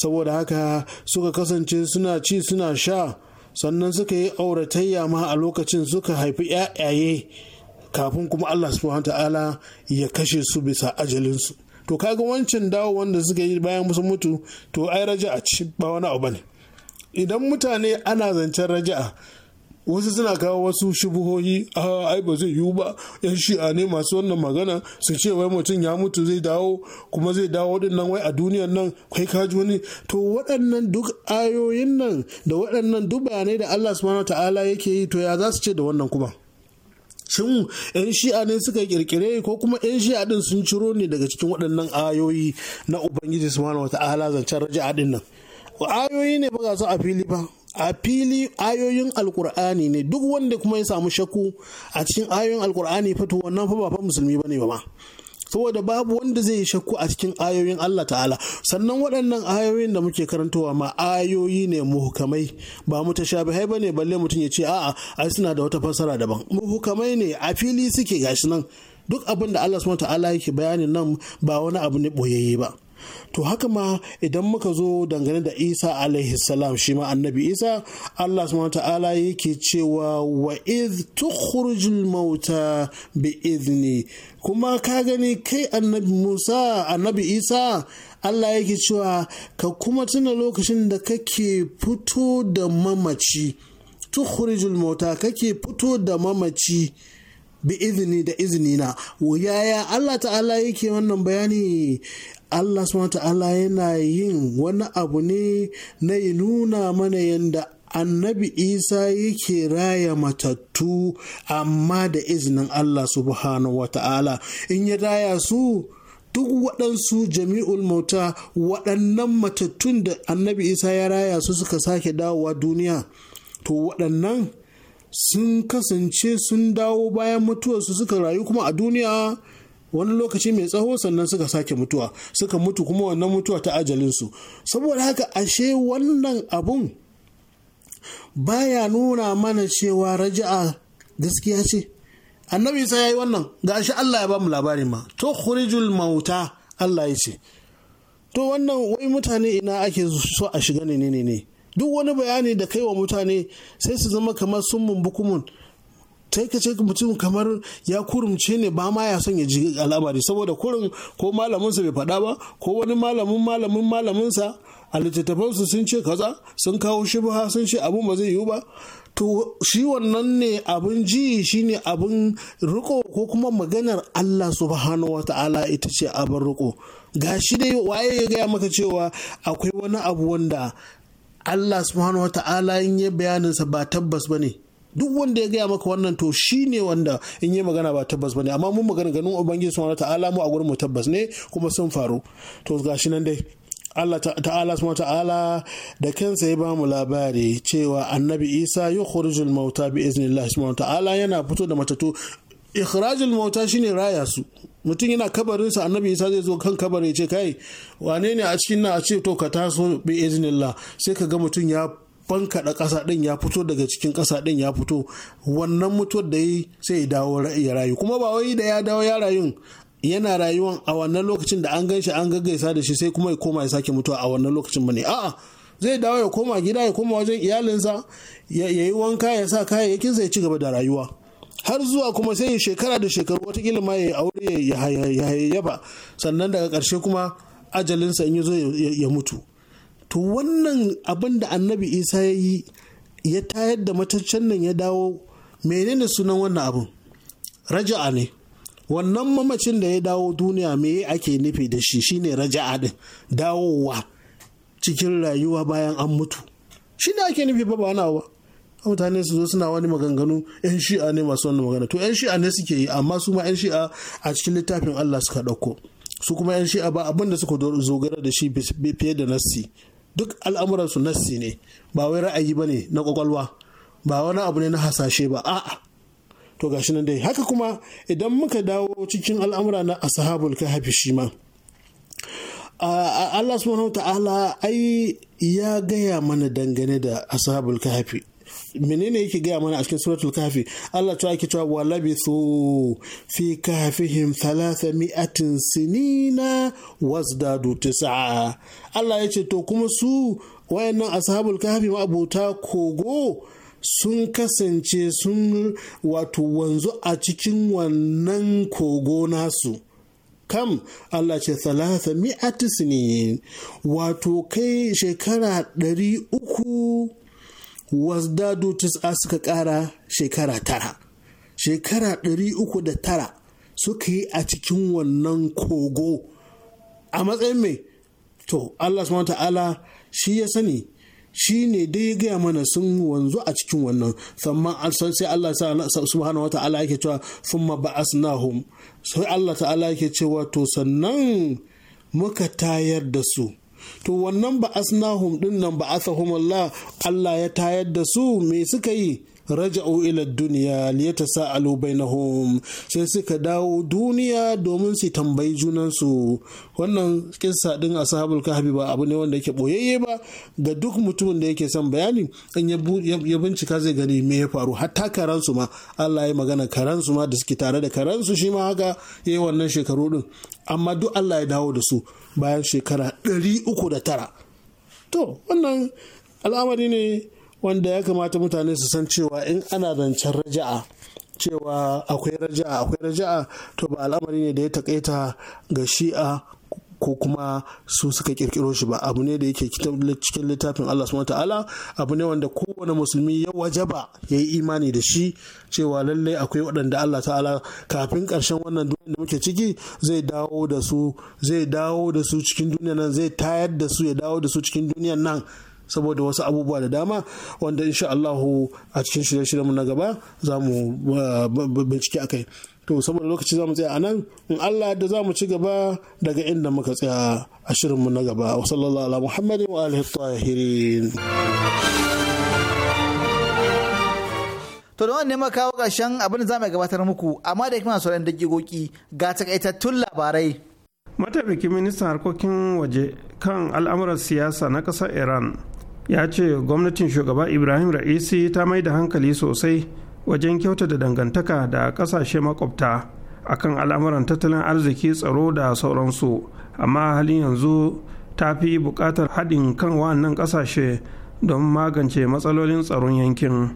saboda haka suka kasance suna ci suna sha sannan suka yi auratayya ma a lokacin suka haifi 'ya'yaye kafin kuma Allah subhanahu ta'ala ya kashe su bisa ajalinsu to kaga wancan dawo wanda suka yi bayan musu mutu to ai raja'a ci ba wani abu bane idan mutane ana zancen raja'a wasu suna kawo wasu shubuhohi a ah, ai ba zai yiwu ba yan shi'a ne masu wannan magana su ce wai mutum ya mutu zai dawo kuma zai dawo din wai a duniyan nan kai kaji wani to waɗannan duk ayoyin nan da waɗannan duk bayanai da Allah subhanahu ta'ala yake yi to ya za su ce da wannan kuma shin 'yan shi'a ne suka kirkire ko kuma 'yan shi'a din sun ciro ne daga cikin waɗannan ayoyi na ubangiji subhanahu wata'ala zancen raja'a din nan ayoyi ne ba ga su a fili ba a fili ayoyin alkur'ani ne duk wanda kuma ya samu shakku a cikin ayoyin alkur'ani fito wannan fa ba fa musulmi bane ba ma saboda babu wanda zai yi shakku a cikin ayoyin Allah ta'ala sannan waɗannan ayoyin da muke karantowa ma ayoyi ne muhukamai ba mutashabihai bane balle mutum ya ce a'a ai suna da wata fassara daban muhukamai ne a fili suke gashi nan duk abin da Allah subhanahu ta'ala yake bayanin nan ba wani abu ne boyayye ba to haka ma idan muka zo dangane da isa alaihi salam shi ma annabi isa allah subhanahu ta'ala yake cewa wa iz tukhrijul mauta bi izni kuma ka gani kai annabi musa annabi isa allah yake cewa ka kuma tuna lokacin da kake fito da mamaci tukhrijul mauta kake fito da mamaci bi izini da izinina. na yaya Allah ta'ala yake wannan bayani Allah subhanahu ta'ala yana yin wani abu ne na nuna mana yanda annabi isa yake raya matattu amma da izinin Allah subhanahu wa ta'ala in ya raya su duk waɗansu jami'ul mota waɗannan matattun da annabi isa ya raya su suka sake dawowa duniya to waɗannan sun kasance sun dawo bayan mutuwarsu suka rayu kuma a duniya wani lokaci mai tsawo sannan suka sake mutuwa suka mutu kuma wannan mutuwa ta ajalinsu saboda haka ashe wannan abun baya nuna mana cewa raja'a gaskiya ce annabi isa ya yi wannan ga shi allah ya ba mu labari ma to khurijul mauta allah ya ce to wannan wai mutane ina ake so a shiga ne ne ne duk wani bayani da kai wa mutane sai su zama kamar sun mumbukumun sai ka ce mutum kamar ya kurumce ne ba ma ya son ya ji al'amari saboda kurin ko malaminsa bai faɗa ba ko wani malamin malamin malaminsa a littattafansu sun ce kaza sun kawo shi ba sun ce abun ba zai yiwu ba to shi wannan ne abin ji shi ne abin riko ko kuma maganar Allah subhanahu wata'ala ta'ala ita ce abin riko ga shi dai waye ya gaya maka cewa akwai wani abu wanda Allah subhanahu wata'ala in yi bayaninsa ba tabbas ba ne duk wanda ya gaya maka wannan to shi ne wanda in yi magana ba tabbas ba ne amma mun magana ganin ubangiji subhanahu wata'ala mu a gurin mu tabbas ne kuma sun faru to ga shi nan dai Allah ta'ala subhanahu ta'ala da kansa ya bamu labari cewa annabi Isa yukhrijul mauta bi iznillah subhanahu ta'ala yana fito da matatu ikhrajul mauta shine raya su mutum yana kabarinsa annabi isa zai zo kan kabari ya ce kai wane ne a cikin nan a ce to ka taso bi iznillah sai ka ga mutum ya fankaɗa ƙasa ɗin ya fito daga cikin ƙasa ɗin ya fito wannan mutuwar da yi sai ya dawo ya rayu kuma ba wai da ya dawo ya rayu yana rayuwan a wannan lokacin da an ganshi an gaggaisa da shi sai kuma ya koma ya sake mutuwa a wannan lokacin bane a'a zai dawo ya koma gida ya koma wajen iyalinsa ya yi wanka ya sa sa ya ci gaba da rayuwa har zuwa kuma sai shekara da shekaru watakila ma ya aure ya yaba sannan daga ƙarshe kuma ajalinsa in zo ya mutu to wannan abin da annabi isa ya yi ya tayar da mataccen nan ya dawo menene sunan wannan abin raja'a ne wannan mamacin da ya dawo duniya me ake nufi da shi shine raja'a din dawowa cikin rayuwa bayan an mutu shi ne ake nufi ba ba wani ba mutane su zo suna wani maganganu yan shi'a ne masu wannan magana to yan shi'a ne suke yi amma su ma yan shi'a a cikin littafin Allah suka ɗauko su kuma yan shi'a ba abin da suka zogara da shi fiye da nassi duk al'amuran su nassi ne ba wai ra'ayi bane na kwakwalwa ba wani abu ne na hasashe ba a'a to gashi nan dai haka kuma idan muka dawo cikin al'amura na ashabul kahfi shi ma Allah subhanahu ta'ala ai ya gaya mana dangane da ashabul kahfi menene yake gaya mana a cikin suratul kafi Allah ta yake cewa wa su fi kafihim mi'atin sinina wazdadu tis'a Allah ya ce to kuma su wayannan ashabul kafi ma'abuta kogo sun kasance sun wato wanzu a cikin wannan kogo nasu kam Allah ce thalatha mi'atin sinin wato kai shekara ɗari uku wasdadu tis'a suka ƙara shekara tara shekara ɗari uku da tara suka yi a cikin wannan kogo a matsayin mai to allah subhanahu ta'ala shi ya sani shi ne dai ya gaya mana sun wanzu a cikin wannan sannan sai allah subhanahu ta'ala yake cewa sun ba'asnahum sai allah ta'ala yake cewa to sannan muka tayar da su to wannan ba asnahum din nan ba asahum Allah Allah ya tayar da su me suka yi raja'u ila duniya liyatasaalu bainahum sai suka dawo duniya domin su tambayi junansu wannan kissa din ashabul kahfi ba abu ne wanda yake boyayye ba ga duk mutumin da yake son bayani in ya bincika zai gani me ya faru hatta su ma Allah ya magana su ma da suke tare da su shi ma haka yayi wannan shekaru din amma duk Allah ya dawo da su bayan shekara 309 to wannan al'amari ne wanda ya kamata mutane su san cewa in ana zancen raja'a cewa akwai raja'a akwai raja'a to ba al'amari ne da ya taƙaita ga shi'a ko kuma su suka kirkiro shi ba abu ne da yake cikin littafin Allah subhanahu ta'ala abu ne wanda kowane musulmi ya wajaba ya yi imani da shi cewa lallai akwai waɗanda Allah ta'ala kafin ƙarshen wannan duniya da muke ciki zai dawo da su zai dawo da su cikin duniya nan zai tayar da su ya dawo da su cikin duniyan nan saboda wasu abubuwa da dama wanda insha Allahu a cikin shirye-shiryenmu na gaba za mu uh, bincike akai. to saboda lokaci za mu tsaya a nan in Allah da za mu ci gaba daga inda muka tsaya a shirinmu na gaba wa sallallahu ala muhammadin wa alihi tahirin to da wannan kawo ƙarshen abin da za mu gabatar muku amma da hikimar sauran dagigoki ga takaitattun labarai mataimakin ministan harkokin waje kan al'amuran siyasa na ƙasar iran ya ce gwamnatin shugaba ibrahim ra'isi ta mai da hankali sosai wajen kyauta da dangantaka da ƙasashe makwabta kan al'amuran tattalin arziki tsaro da sauransu amma halin yanzu ta fi buƙatar haɗin kan wannan ƙasashe don magance matsalolin tsaron yankin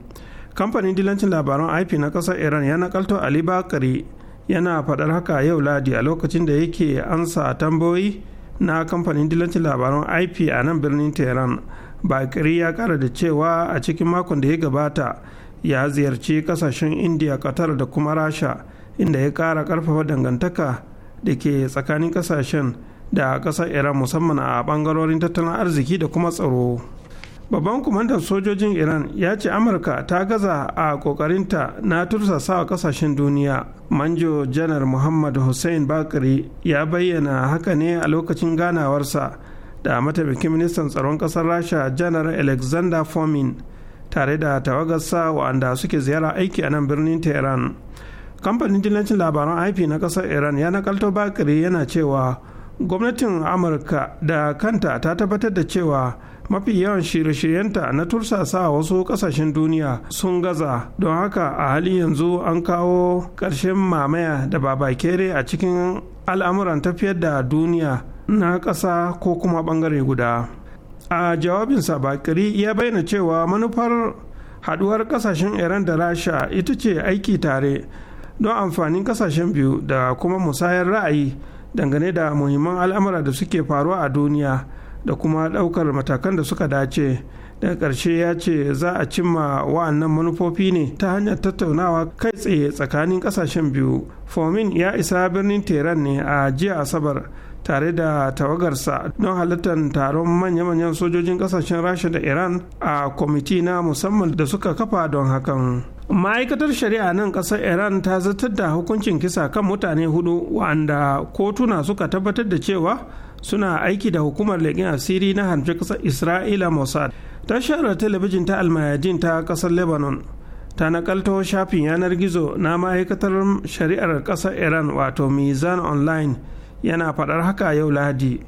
kamfanin dilancin labaran ip na ƙasar iran ya nakalto ali bakari yana faɗar haka yau ladi a lokacin da yake ansa tambayoyi na kamfanin dilancin labaran ip a nan birnin tehran bakari ya kara da cewa a cikin makon da ya gabata ya ziyarci kasashen india qatar da kuma rasha inda ya kara karfafa dangantaka da ke tsakanin kasashen da ƙasar iran musamman a bangarorin tattalin arziki da kuma tsaro babban kumandan sojojin iran ya ce amurka ta gaza a kokarinta na tursasawa kasashen duniya manjo janar muhammad hussein bakari ya bayyana haka ne a lokacin ganawarsa da mataimakin ministan tsaron kasar rasha janar alexander fomin tare da tawagarsa wa'anda suke ziyara aiki a nan birnin tehran kamfanin dillancin labaran ip na kasar iran ya nakalto bakiri yana cewa gwamnatin amurka da kanta ta tabbatar da cewa mafi yawan shirye-shiryenta na tursasa wasu kasashen duniya sun gaza don haka a halin yanzu an kawo ƙarshen mamaya da babakere a cikin al'amuran tafiyar da duniya na ƙasa ko kuma ɓangare guda. a jawabinsa bakiri ya bayyana cewa manufar haduwar kasashen iran da rasha ita ce aiki tare don amfanin kasashen biyu da kuma musayar ra'ayi dangane da muhimman al'amura da suke faruwa a duniya da kuma ɗaukar matakan da suka dace daga ƙarshe ya ce za a cimma wa'annan manufofi ne ta hanyar tattaunawa kai tsaye tsakanin kasashen biyu fomin ya isa birnin teran ne a jiya asabar tare da tawagarsa don halartar taron manya-manyan sojojin kasashen rasha da iran a kwamiti na musamman da suka kafa don hakan ma'aikatar shari'a nan kasar iran ta zartar da hukuncin kisa kan mutane hudu wa'anda kotuna suka tabbatar da cewa suna aiki da hukumar leƙin asiri na harfi kasar isra'ila mossad tashar talabijin ta almayadin ta kasar lebanon ta nakalto shafin yanar gizo na ma'aikatar shari'ar kasar iran wato mizan online yana faɗar haka yau lahadi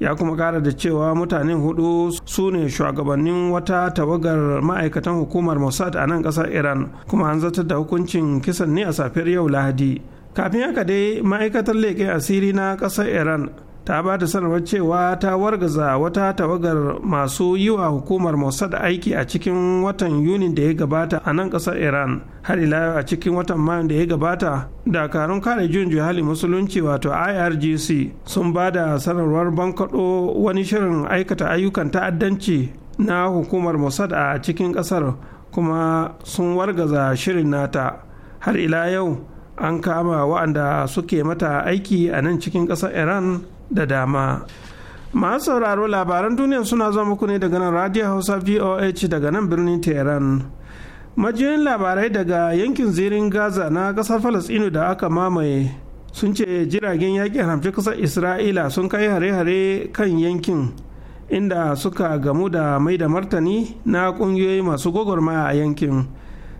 ya kuma ƙara da cewa mutanen hudu su ne shugabannin wata tawagar ma'aikatan hukumar mossad a nan ƙasar iran kuma an zartar da hukuncin kisan ne a safiyar yau lahadi kafin haka dai ma'aikatar leƙen asiri na ƙasar iran ta ba ta sanarwar cewa ta wargaza wata tawagar masu yi wa hukumar mossad aiki a cikin watan yunin da ya gabata a nan kasar iran har ila a cikin watan mayun da ya gabata dakarun kare jin juhali musulunci wato irgc sun ba da sanarwar bankaɗo wani shirin aikata ayyukan ta'addanci na hukumar mossad a cikin kasar kuma sun wargaza shirin nata har ila yau an kama wa'anda suke mata aiki a nan cikin ƙasar iran da dama masu sauraro labaran duniya suna zuwa muku ne daga nan radio hausa voh daga nan birnin tehran majiyoyin labarai daga yankin zirin gaza na kasar falasɗinu da aka mamaye sun ce jiragen yaƙi haramci kasar isra'ila sun kai hare-hare kan yankin inda suka gamu da mai da martani na ƙungiyoyi masu gwagwarmaya a yankin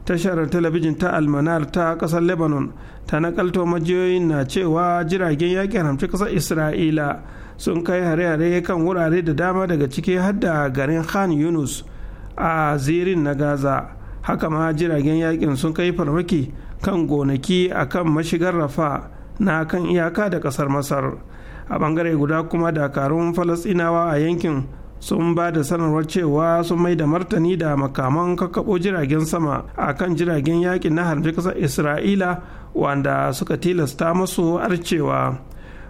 tashar talabijin ta almanar ta kasar lebanon ta nakalto majiyoyin na cewa jiragen yakin haramci kasar isra'ila sun kai hare-hare kan wurare da dama daga ciki har da garin khan yunus a zirin na gaza haka ma jiragen yaƙin sun kai farmaki kan gonaki a kan mashigar rafa na kan iyaka da kasar masar a bangare guda kuma dakarun falasinawa a yankin sun ba da sanarwar cewa sun mai da martani da makaman kakkaɓo jiragen sama a kan jiragen yakin na harbi ƙasar isra'ila wanda suka tilasta masu arcewa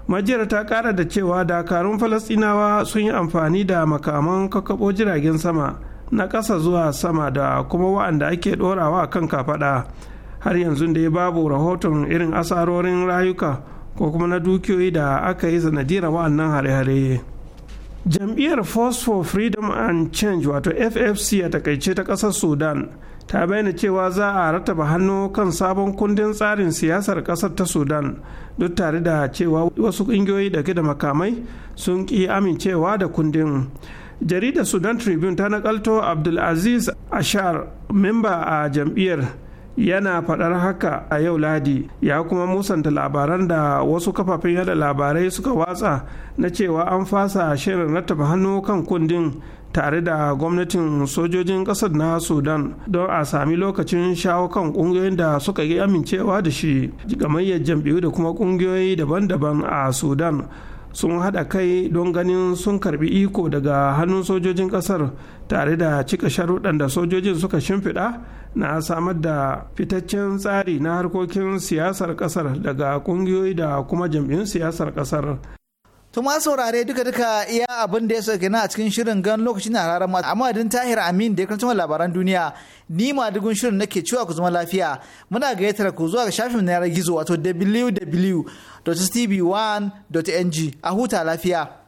majiyar ta kara da cewa dakarun falastinawa sun yi amfani da makaman kakkaɓo jiragen sama na ƙasa zuwa sama da kuma wa'anda ake ɗorawa kan kafaɗa har yanzu dai babu rahoton irin asarorin rayuka ko kuma na dukiyoyi da aka yi sanadiyar wa'annan hare-hare. jam'iyyar force for freedom and change wato ffc a takaice ta kasar sudan ta bayyana cewa za a rataba hannu kan sabon kundin tsarin siyasar kasar ta sudan duk tare da cewa wasu ƙungiyoyi da da makamai sun ƙi amincewa da kundin jaridar sudan tribune ta nakalto abdulaziz ashar memba a jam'iyyar yana faɗar haka a yau ladi ya kuma musanta labaran da wasu kafafen yada labarai suka watsa na cewa an fasa shirin rattaba hannu kan kundin tare da gwamnatin sojojin ƙasar na sudan don a sami lokacin shawo kan ƙungiyoyin da suka yi amincewa da shi gamayyar jam'iyyu da kuma ƙungiyoyi daban-daban a sudan sun haɗa kai don ganin sun karbi iko daga hannun sojojin ƙasar tare da cika sharuɗan da sojojin suka shimfiɗa na samar da fitaccen tsari na harkokin siyasar kasar daga kungiyoyi da kuma jam'in siyasar kasar tuma saurare duka duka iya abin da ya sauke na a cikin shirin gan lokacin na rarar mata amma idan tahir amin da ya karanta labaran duniya ni ma dugun shirin nake cewa ku zama lafiya muna gayyatar ku zuwa ga shafin na yanar gizo wato www.tv1.ng a huta lafiya